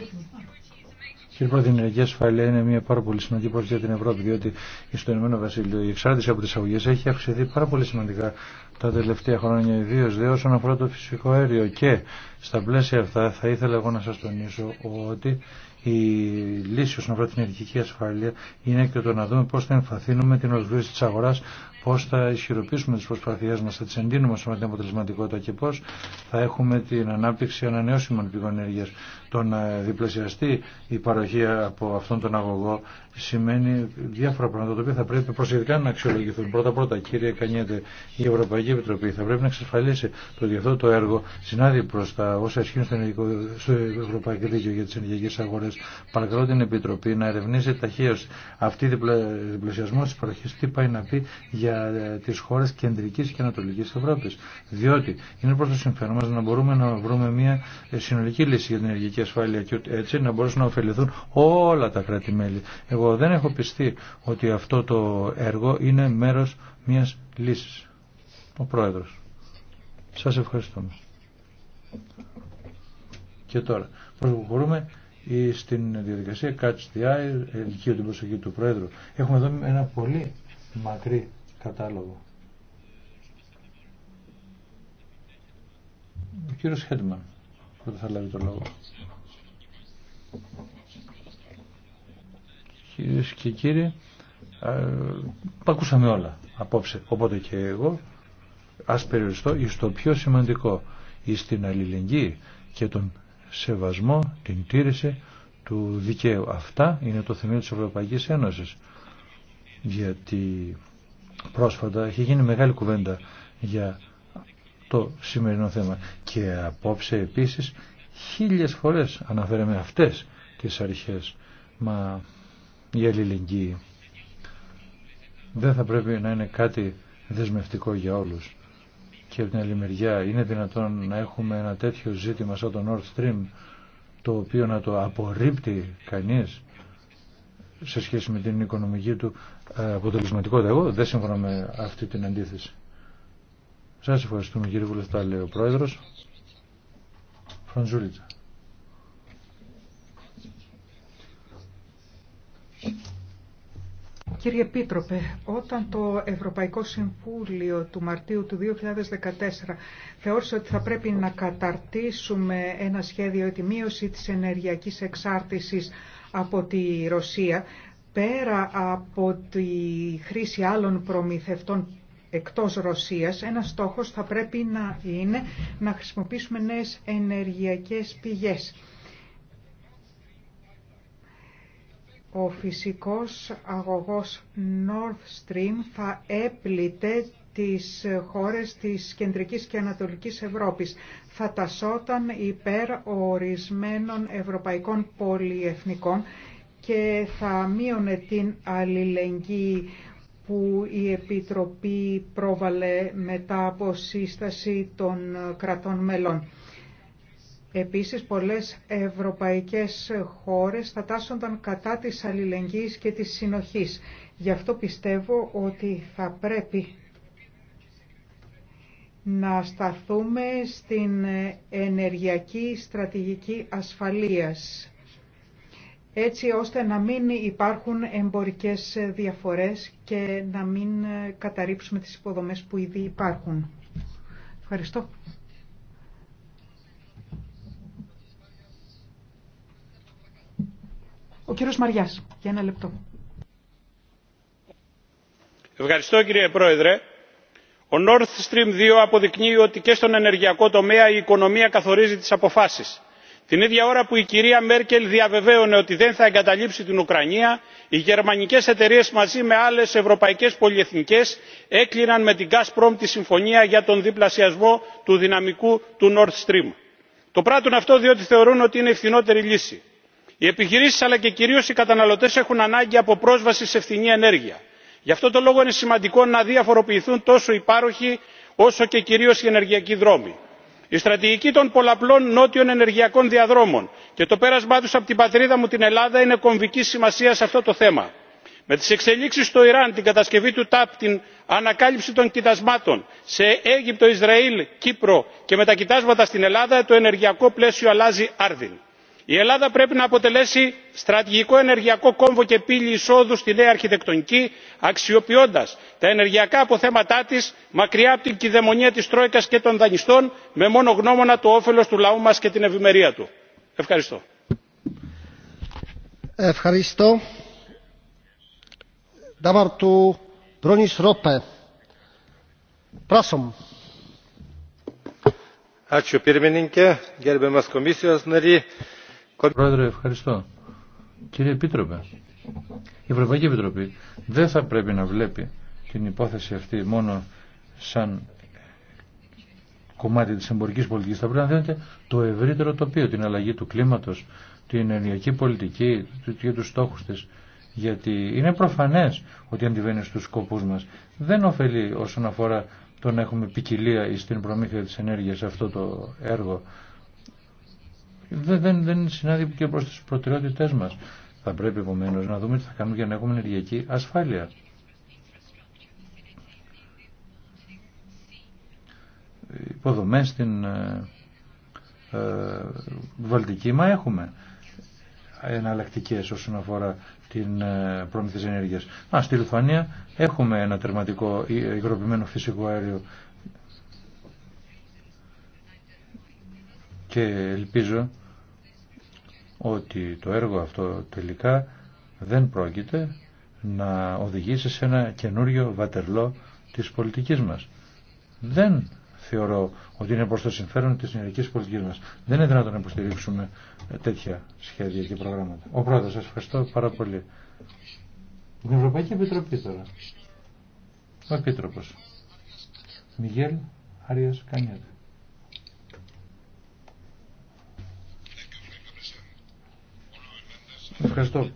Κύριε Πρόεδρε, η ενεργειακή ασφάλεια είναι μια πάρα πολύ σημαντική υπόθεση για την Ευρώπη, διότι στο Ηνωμένο Βασίλειο η εξάρτηση από τι αγωγέ έχει αυξηθεί πάρα πολύ σημαντικά τα τελευταία χρόνια, ιδίω δε όσον αφορά το φυσικό αέριο. Και στα πλαίσια αυτά θα ήθελα εγώ να σα τονίσω ότι η λύση όσον αφορά την ενεργειακή ασφάλεια είναι και το να δούμε πώ θα εμφαθύνουμε την ολοκλήρωση τη αγορά πώς θα ισχυροποιήσουμε τις προσπαθίες μας, θα τις εντείνουμε σε την αποτελεσματικότητα και πώς θα έχουμε την ανάπτυξη ανανεώσιμων πηγών ενέργειας. Το να διπλασιαστεί η παροχή από αυτόν τον αγωγό σημαίνει διάφορα πράγματα τα οποία θα πρέπει προσεκτικά να αξιολογηθούν. Πρώτα-πρώτα, κύριε Κανιέτε, η Ευρωπαϊκή Επιτροπή θα πρέπει να εξασφαλίσει το ότι αυτό το έργο συνάδει προ τα όσα ισχύουν στο, ενεργικό, στο Ευρωπαϊκό Δίκαιο για τι Ενεργειακέ Αγορέ. Παρακαλώ την Επιτροπή να ερευνήσει ταχύω αυτή διπλασιασμό τη παροχή, τι πάει να πει για για ε, τις χώρες κεντρικής και ανατολικής Ευρώπης. Διότι είναι προς το συμφέρον μας να μπορούμε να βρούμε μια ε, συνολική λύση για την ενεργική ασφάλεια και έτσι να μπορέσουν να ωφεληθούν όλα τα κράτη-μέλη. Εγώ δεν έχω πιστεί ότι αυτό το έργο είναι μέρος μιας λύσης. Ο Πρόεδρος. Σας ευχαριστούμε. Και τώρα, προχωρούμε στην διαδικασία Catch the Eye, ελκύω την προσοχή του Πρόεδρου. Έχουμε εδώ ένα πολύ μακρύ κατάλογο. Ο κύριος Χέντμαν πρώτα θα λάβει το λόγο. Κυρίες και κύριοι, ακούσαμε όλα απόψε. Οπότε και εγώ ας περιοριστώ εις το πιο σημαντικό, εις την αλληλεγγύη και τον σεβασμό, την τήρηση του δικαίου. Αυτά είναι το θεμείο της Ευρωπαϊκής Ένωσης. Γιατί πρόσφατα έχει γίνει μεγάλη κουβέντα για το σημερινό θέμα και απόψε επίσης χίλιες φορές αναφέραμε αυτές τις αρχές μα η αλληλεγγύη δεν θα πρέπει να είναι κάτι δεσμευτικό για όλους και από την άλλη μεριά είναι δυνατόν να έχουμε ένα τέτοιο ζήτημα σαν το Nord Stream το οποίο να το απορρίπτει κανείς σε σχέση με την οικονομική του ε, αποτελεσματικότητα. Εγώ δεν συμφωνώ με αυτή την αντίθεση. Σας ευχαριστούμε κύριε Βουλευτά, λέει ο Πρόεδρος. Φραντζούλητσα. Κύριε Επίτροπε, όταν το Ευρωπαϊκό Συμβούλιο του Μαρτίου του 2014 θεώρησε ότι θα πρέπει να καταρτήσουμε ένα σχέδιο για τη μείωση της ενεργειακής εξάρτησης από τη Ρωσία, πέρα από τη χρήση άλλων προμηθευτών εκτός Ρωσίας, ένα στόχος θα πρέπει να είναι να χρησιμοποιήσουμε νέες ενεργειακές πηγές. Ο φυσικός αγωγός North Stream θα έπλητε τις χώρες της Κεντρικής και Ανατολικής Ευρώπης. Θα τασόταν υπέρ ορισμένων ευρωπαϊκών πολιεθνικών και θα μείωνε την αλληλεγγύη που η Επιτροπή πρόβαλε μετά από σύσταση των κρατών μελών. Επίσης, πολλές ευρωπαϊκές χώρες θα τάσσονταν κατά της αλληλεγγύης και της συνοχής. Γι' αυτό πιστεύω ότι θα πρέπει να σταθούμε στην ενεργειακή στρατηγική ασφαλείας έτσι ώστε να μην υπάρχουν εμπορικές διαφορές και να μην καταρρύψουμε τις υποδομές που ήδη υπάρχουν. Ευχαριστώ. Ο κύριος Μαριάς, για ένα λεπτό. Ευχαριστώ κύριε Πρόεδρε ο nord stream 2 αποδεικνύει ότι και στον ενεργειακό τομέα η οικονομία καθορίζει τις αποφάσεις. την ίδια ώρα που η κυρία μέρκελ διαβεβαίωνε ότι δεν θα εγκαταλείψει την ουκρανία οι γερμανικές εταιρείες μαζί με άλλες ευρωπαϊκές πολυεθνικές έκλειναν με την gazprom τη συμφωνία για τον διπλασιασμό του δυναμικού του nord stream. το πράττουν αυτό διότι θεωρούν ότι είναι η φθηνότερη λύση. οι επιχειρήσεις αλλά και κυρίως οι καταναλωτές έχουν ανάγκη από πρόσβαση σε φθηνή ενέργεια γι' αυτό το λόγο είναι σημαντικό να διαφοροποιηθούν τόσο οι πάροχοι όσο και κυρίως οι ενεργειακοί δρόμοι. η στρατηγική των πολλαπλών νότιων ενεργειακών διαδρόμων και το πέρασμά τους από την πατρίδα μου την ελλάδα είναι κομβική σημασία σε αυτό το θέμα. με τις εξελίξεις στο ιράν την κατασκευή του ΤΑΠ, την ανακάλυψη των κοιτασμάτων σε αίγυπτο ισραήλ κύπρο και με τα κοιτάσματα στην ελλάδα το ενεργειακό πλαίσιο αλλάζει άρδιν η ελλάδα πρέπει να αποτελέσει στρατηγικό ενεργειακό κόμβο και πύλη εισόδου στη νέα αρχιτεκτονική αξιοποιώντα τα ενεργειακά αποθέματά της μακριά από την κυδαιμονία της τρόικα και των δανειστών με μόνο γνώμονα το όφελος του λαού μας και την ευημερία του. ευχαριστώ. ευχαριστώ. Πρόεδρε, ευχαριστώ. Κύριε Επίτροπε, η Ευρωπαϊκή Επιτροπή δεν θα πρέπει να βλέπει την υπόθεση αυτή μόνο σαν κομμάτι της εμπορικής πολιτικής. Θα πρέπει να δίνεται το ευρύτερο τοπίο, την αλλαγή του κλίματος, την ενεργειακή πολιτική και τους στόχους της. Γιατί είναι προφανές ότι αντιβαίνει στους σκοπούς μας. Δεν ωφελεί όσον αφορά το να έχουμε ποικιλία στην προμήθεια της ενέργειας αυτό το έργο δεν, δεν, δεν συνάδει και προς τις προτεραιότητές μας. Θα πρέπει επομένω να δούμε τι θα κάνουμε για να έχουμε ενεργειακή ασφάλεια. Υποδομές στην ε, ε, Βαλτική μα έχουμε εναλλακτικέ όσον αφορά την ε, πρόμηθη ενέργεια. Α, στη Λιθουανία έχουμε ένα τερματικό υγροποιημένο φυσικό αέριο και ελπίζω ότι το έργο αυτό τελικά δεν πρόκειται να οδηγήσει σε ένα καινούριο βατερλό της πολιτικής μας. Δεν θεωρώ ότι είναι προς το συμφέρον της ενεργικής πολιτικής μας. Δεν είναι δυνατόν να υποστηρίξουμε τέτοια σχέδια και προγράμματα. Ο πρόεδρος, σας ευχαριστώ πάρα πολύ. Την Ευρωπαϊκή Επιτροπή τώρα. Ο Επίτροπος. Μιγέλ Άριας Ευχαριστώ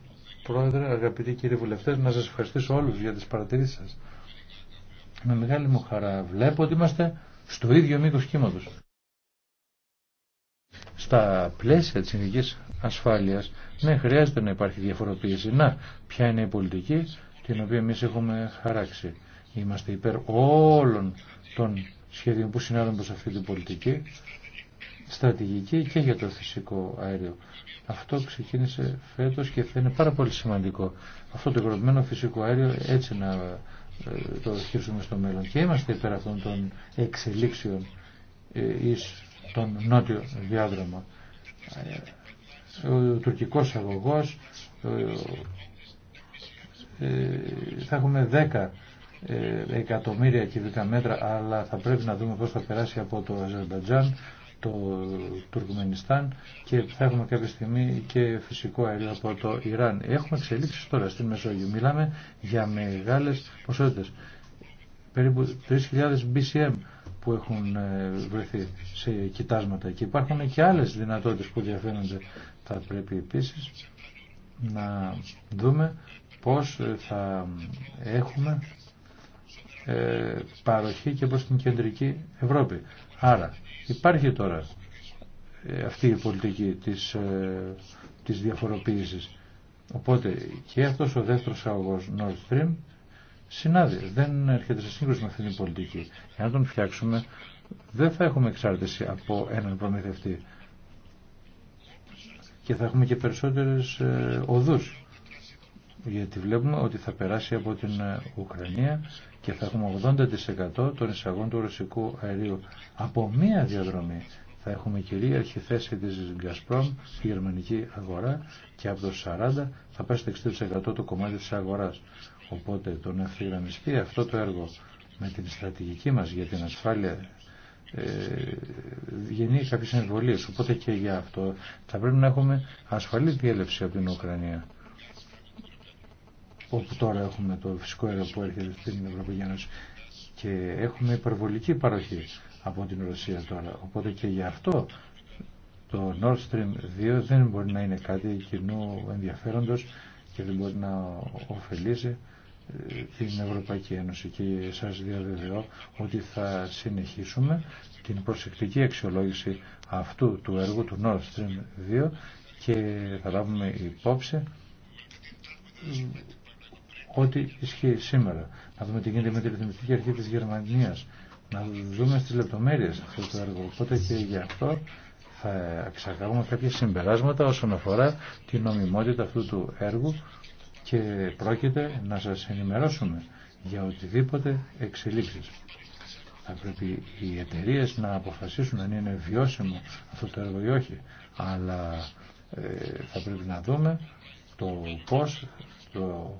Πρόεδρε, αγαπητοί κύριοι βουλευτές, να σας ευχαριστήσω όλους για τις παρατηρήσεις σας. Με μεγάλη μου χαρά βλέπω ότι είμαστε στο ίδιο μήκος κύματος. Στα πλαίσια της ειδικής ασφάλειας, ναι, χρειάζεται να υπάρχει διαφοροποίηση. Να, ποια είναι η πολιτική την οποία εμείς έχουμε χαράξει. Είμαστε υπέρ όλων των σχεδίων που συνάδουν προς αυτή την πολιτική στρατηγική και για το φυσικό αέριο. Αυτό ξεκίνησε φέτος και θα είναι πάρα πολύ σημαντικό. Αυτό το εγκροπημένο φυσικό αέριο έτσι να ε, το χειριστούμε στο μέλλον. Και είμαστε υπέρ αυτών των εξελίξεων ε, εις τον νότιο διάδρομο. Ο τουρκικός αγωγός ε, θα έχουμε 10 εκατομμύρια κυβικά μέτρα αλλά θα πρέπει να δούμε πώς θα περάσει από το Αζερμπατζάν το Τουρκμενιστάν και θα έχουμε κάποια στιγμή και φυσικό αέριο από το Ιράν. Έχουμε εξελίξει τώρα στην Μεσόγειο. Μιλάμε για μεγάλες ποσότητες. Περίπου 3.000 BCM που έχουν ε, βρεθεί σε κοιτάσματα και υπάρχουν και άλλες δυνατότητες που διαφαίνονται. Θα πρέπει επίση να δούμε πώς ε, θα ε, έχουμε ε, παροχή και προς την κεντρική Ευρώπη. Άρα υπάρχει τώρα ε, αυτή η πολιτική της, ε, της διαφοροποίησης. Οπότε και αυτός ο δεύτερος αγωγός Nord Stream συνάδει, δεν έρχεται σε σύγκρουση με αυτή την πολιτική. να τον φτιάξουμε δεν θα έχουμε εξάρτηση από έναν προμηθευτή και θα έχουμε και περισσότερες οδούς γιατί βλέπουμε ότι θα περάσει από την Ουκρανία και θα έχουμε 80% των εισαγών του ρωσικού αερίου. Από μία διαδρομή θα έχουμε κυρίαρχη θέση της Gazprom στη γερμανική αγορά και από το 40% θα πάει στο 60% το κομμάτι της αγοράς. Οπότε το να ευθυγραμμιστεί αυτό το έργο με την στρατηγική μας για την ασφάλεια ε, γεννεί κάποιες εμβολίες. Οπότε και για αυτό θα πρέπει να έχουμε ασφαλή διέλευση από την Ουκρανία όπου τώρα έχουμε το φυσικό αέριο που έρχεται στην Ευρωπαϊκή Ένωση και έχουμε υπερβολική παροχή από την Ρωσία τώρα. Οπότε και γι' αυτό το Nord Stream 2 δεν μπορεί να είναι κάτι κοινού ενδιαφέροντος και δεν μπορεί να ωφελήσει ε, την Ευρωπαϊκή Ένωση και σας διαβεβαιώ ότι θα συνεχίσουμε την προσεκτική αξιολόγηση αυτού του έργου του Nord Stream 2 και θα λάβουμε υπόψη ό,τι ισχύει σήμερα. Να δούμε τι γίνεται με τη ρυθμιστική αρχή της Γερμανίας. Να δούμε στις λεπτομέρειες αυτό το έργο. Οπότε και γι' αυτό θα εξαγάγουμε κάποια συμπεράσματα όσον αφορά την νομιμότητα αυτού του έργου και πρόκειται να σας ενημερώσουμε για οτιδήποτε εξελίξεις. Θα πρέπει οι εταιρείε να αποφασίσουν αν είναι βιώσιμο αυτό το έργο ή όχι. Αλλά ε, θα πρέπει να δούμε το πώς το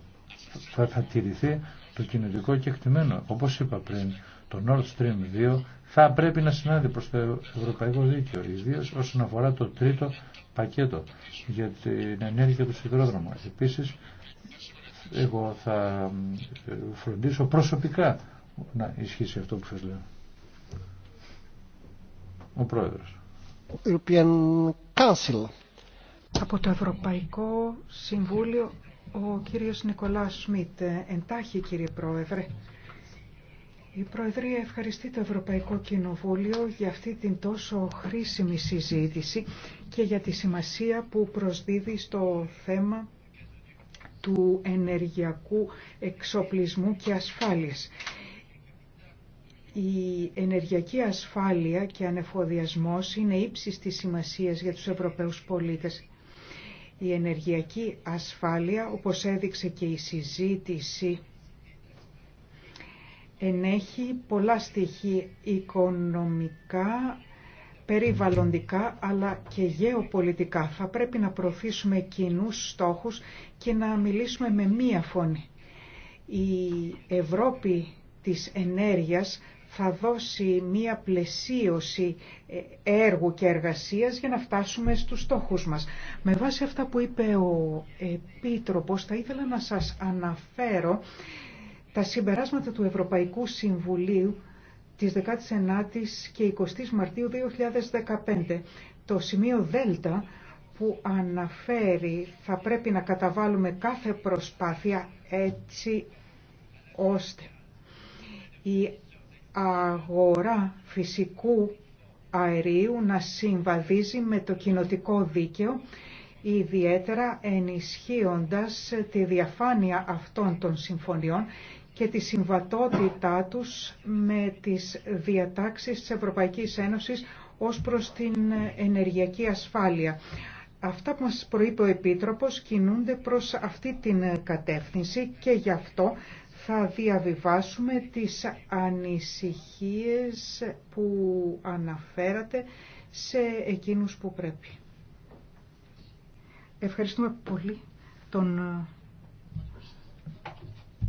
θα, θα τηρηθεί το κοινωτικό κεκτημένο. Όπως είπα πριν, το Nord Stream 2 θα πρέπει να συνάδει προς το ευρωπαϊκό δίκαιο, ιδίως όσον αφορά το τρίτο πακέτο για την ενέργεια του σιδηρόδρομου. Επίσης, εγώ θα ε, φροντίσω προσωπικά να ισχύσει αυτό που σας λέω. Ο Πρόεδρος. European Council. Από το Ευρωπαϊκό Συμβούλιο ο κύριος Νικολά Σμιτ, ε, εντάχει κύριε Πρόεδρε. Η Προεδρία ευχαριστεί το Ευρωπαϊκό Κοινοβούλιο για αυτή την τόσο χρήσιμη συζήτηση και για τη σημασία που προσδίδει στο θέμα του ενεργειακού εξοπλισμού και ασφάλειας. Η ενεργειακή ασφάλεια και ανεφοδιασμός είναι ύψης της σημασίας για τους Ευρωπαίους πολίτες. Η ενεργειακή ασφάλεια, όπως έδειξε και η συζήτηση, ενέχει πολλά στοιχεία οικονομικά, περιβαλλοντικά αλλά και γεωπολιτικά. Θα πρέπει να προωθήσουμε κοινούς στόχους και να μιλήσουμε με μία φωνή. Η Ευρώπη της ενέργειας θα δώσει μία πλαισίωση ε, έργου και εργασίας για να φτάσουμε στους στόχους μας. Με βάση αυτά που είπε ο Επίτροπος, θα ήθελα να σας αναφέρω τα συμπεράσματα του Ευρωπαϊκού Συμβουλίου της 19ης και 20ης Μαρτίου 2015. Το σημείο Δέλτα που αναφέρει θα πρέπει να καταβάλουμε κάθε προσπάθεια έτσι ώστε η αγορά φυσικού αερίου να συμβαδίζει με το κοινοτικό δίκαιο, ιδιαίτερα ενισχύοντας τη διαφάνεια αυτών των συμφωνιών και τη συμβατότητά τους με τις διατάξεις της Ευρωπαϊκής Ένωσης ως προς την ενεργειακή ασφάλεια. Αυτά που μας προείπε ο Επίτροπος κινούνται προς αυτή την κατεύθυνση και γι' αυτό θα διαβιβάσουμε τις ανησυχίες που αναφέρατε σε εκείνους που πρέπει. Ευχαριστούμε πολύ τον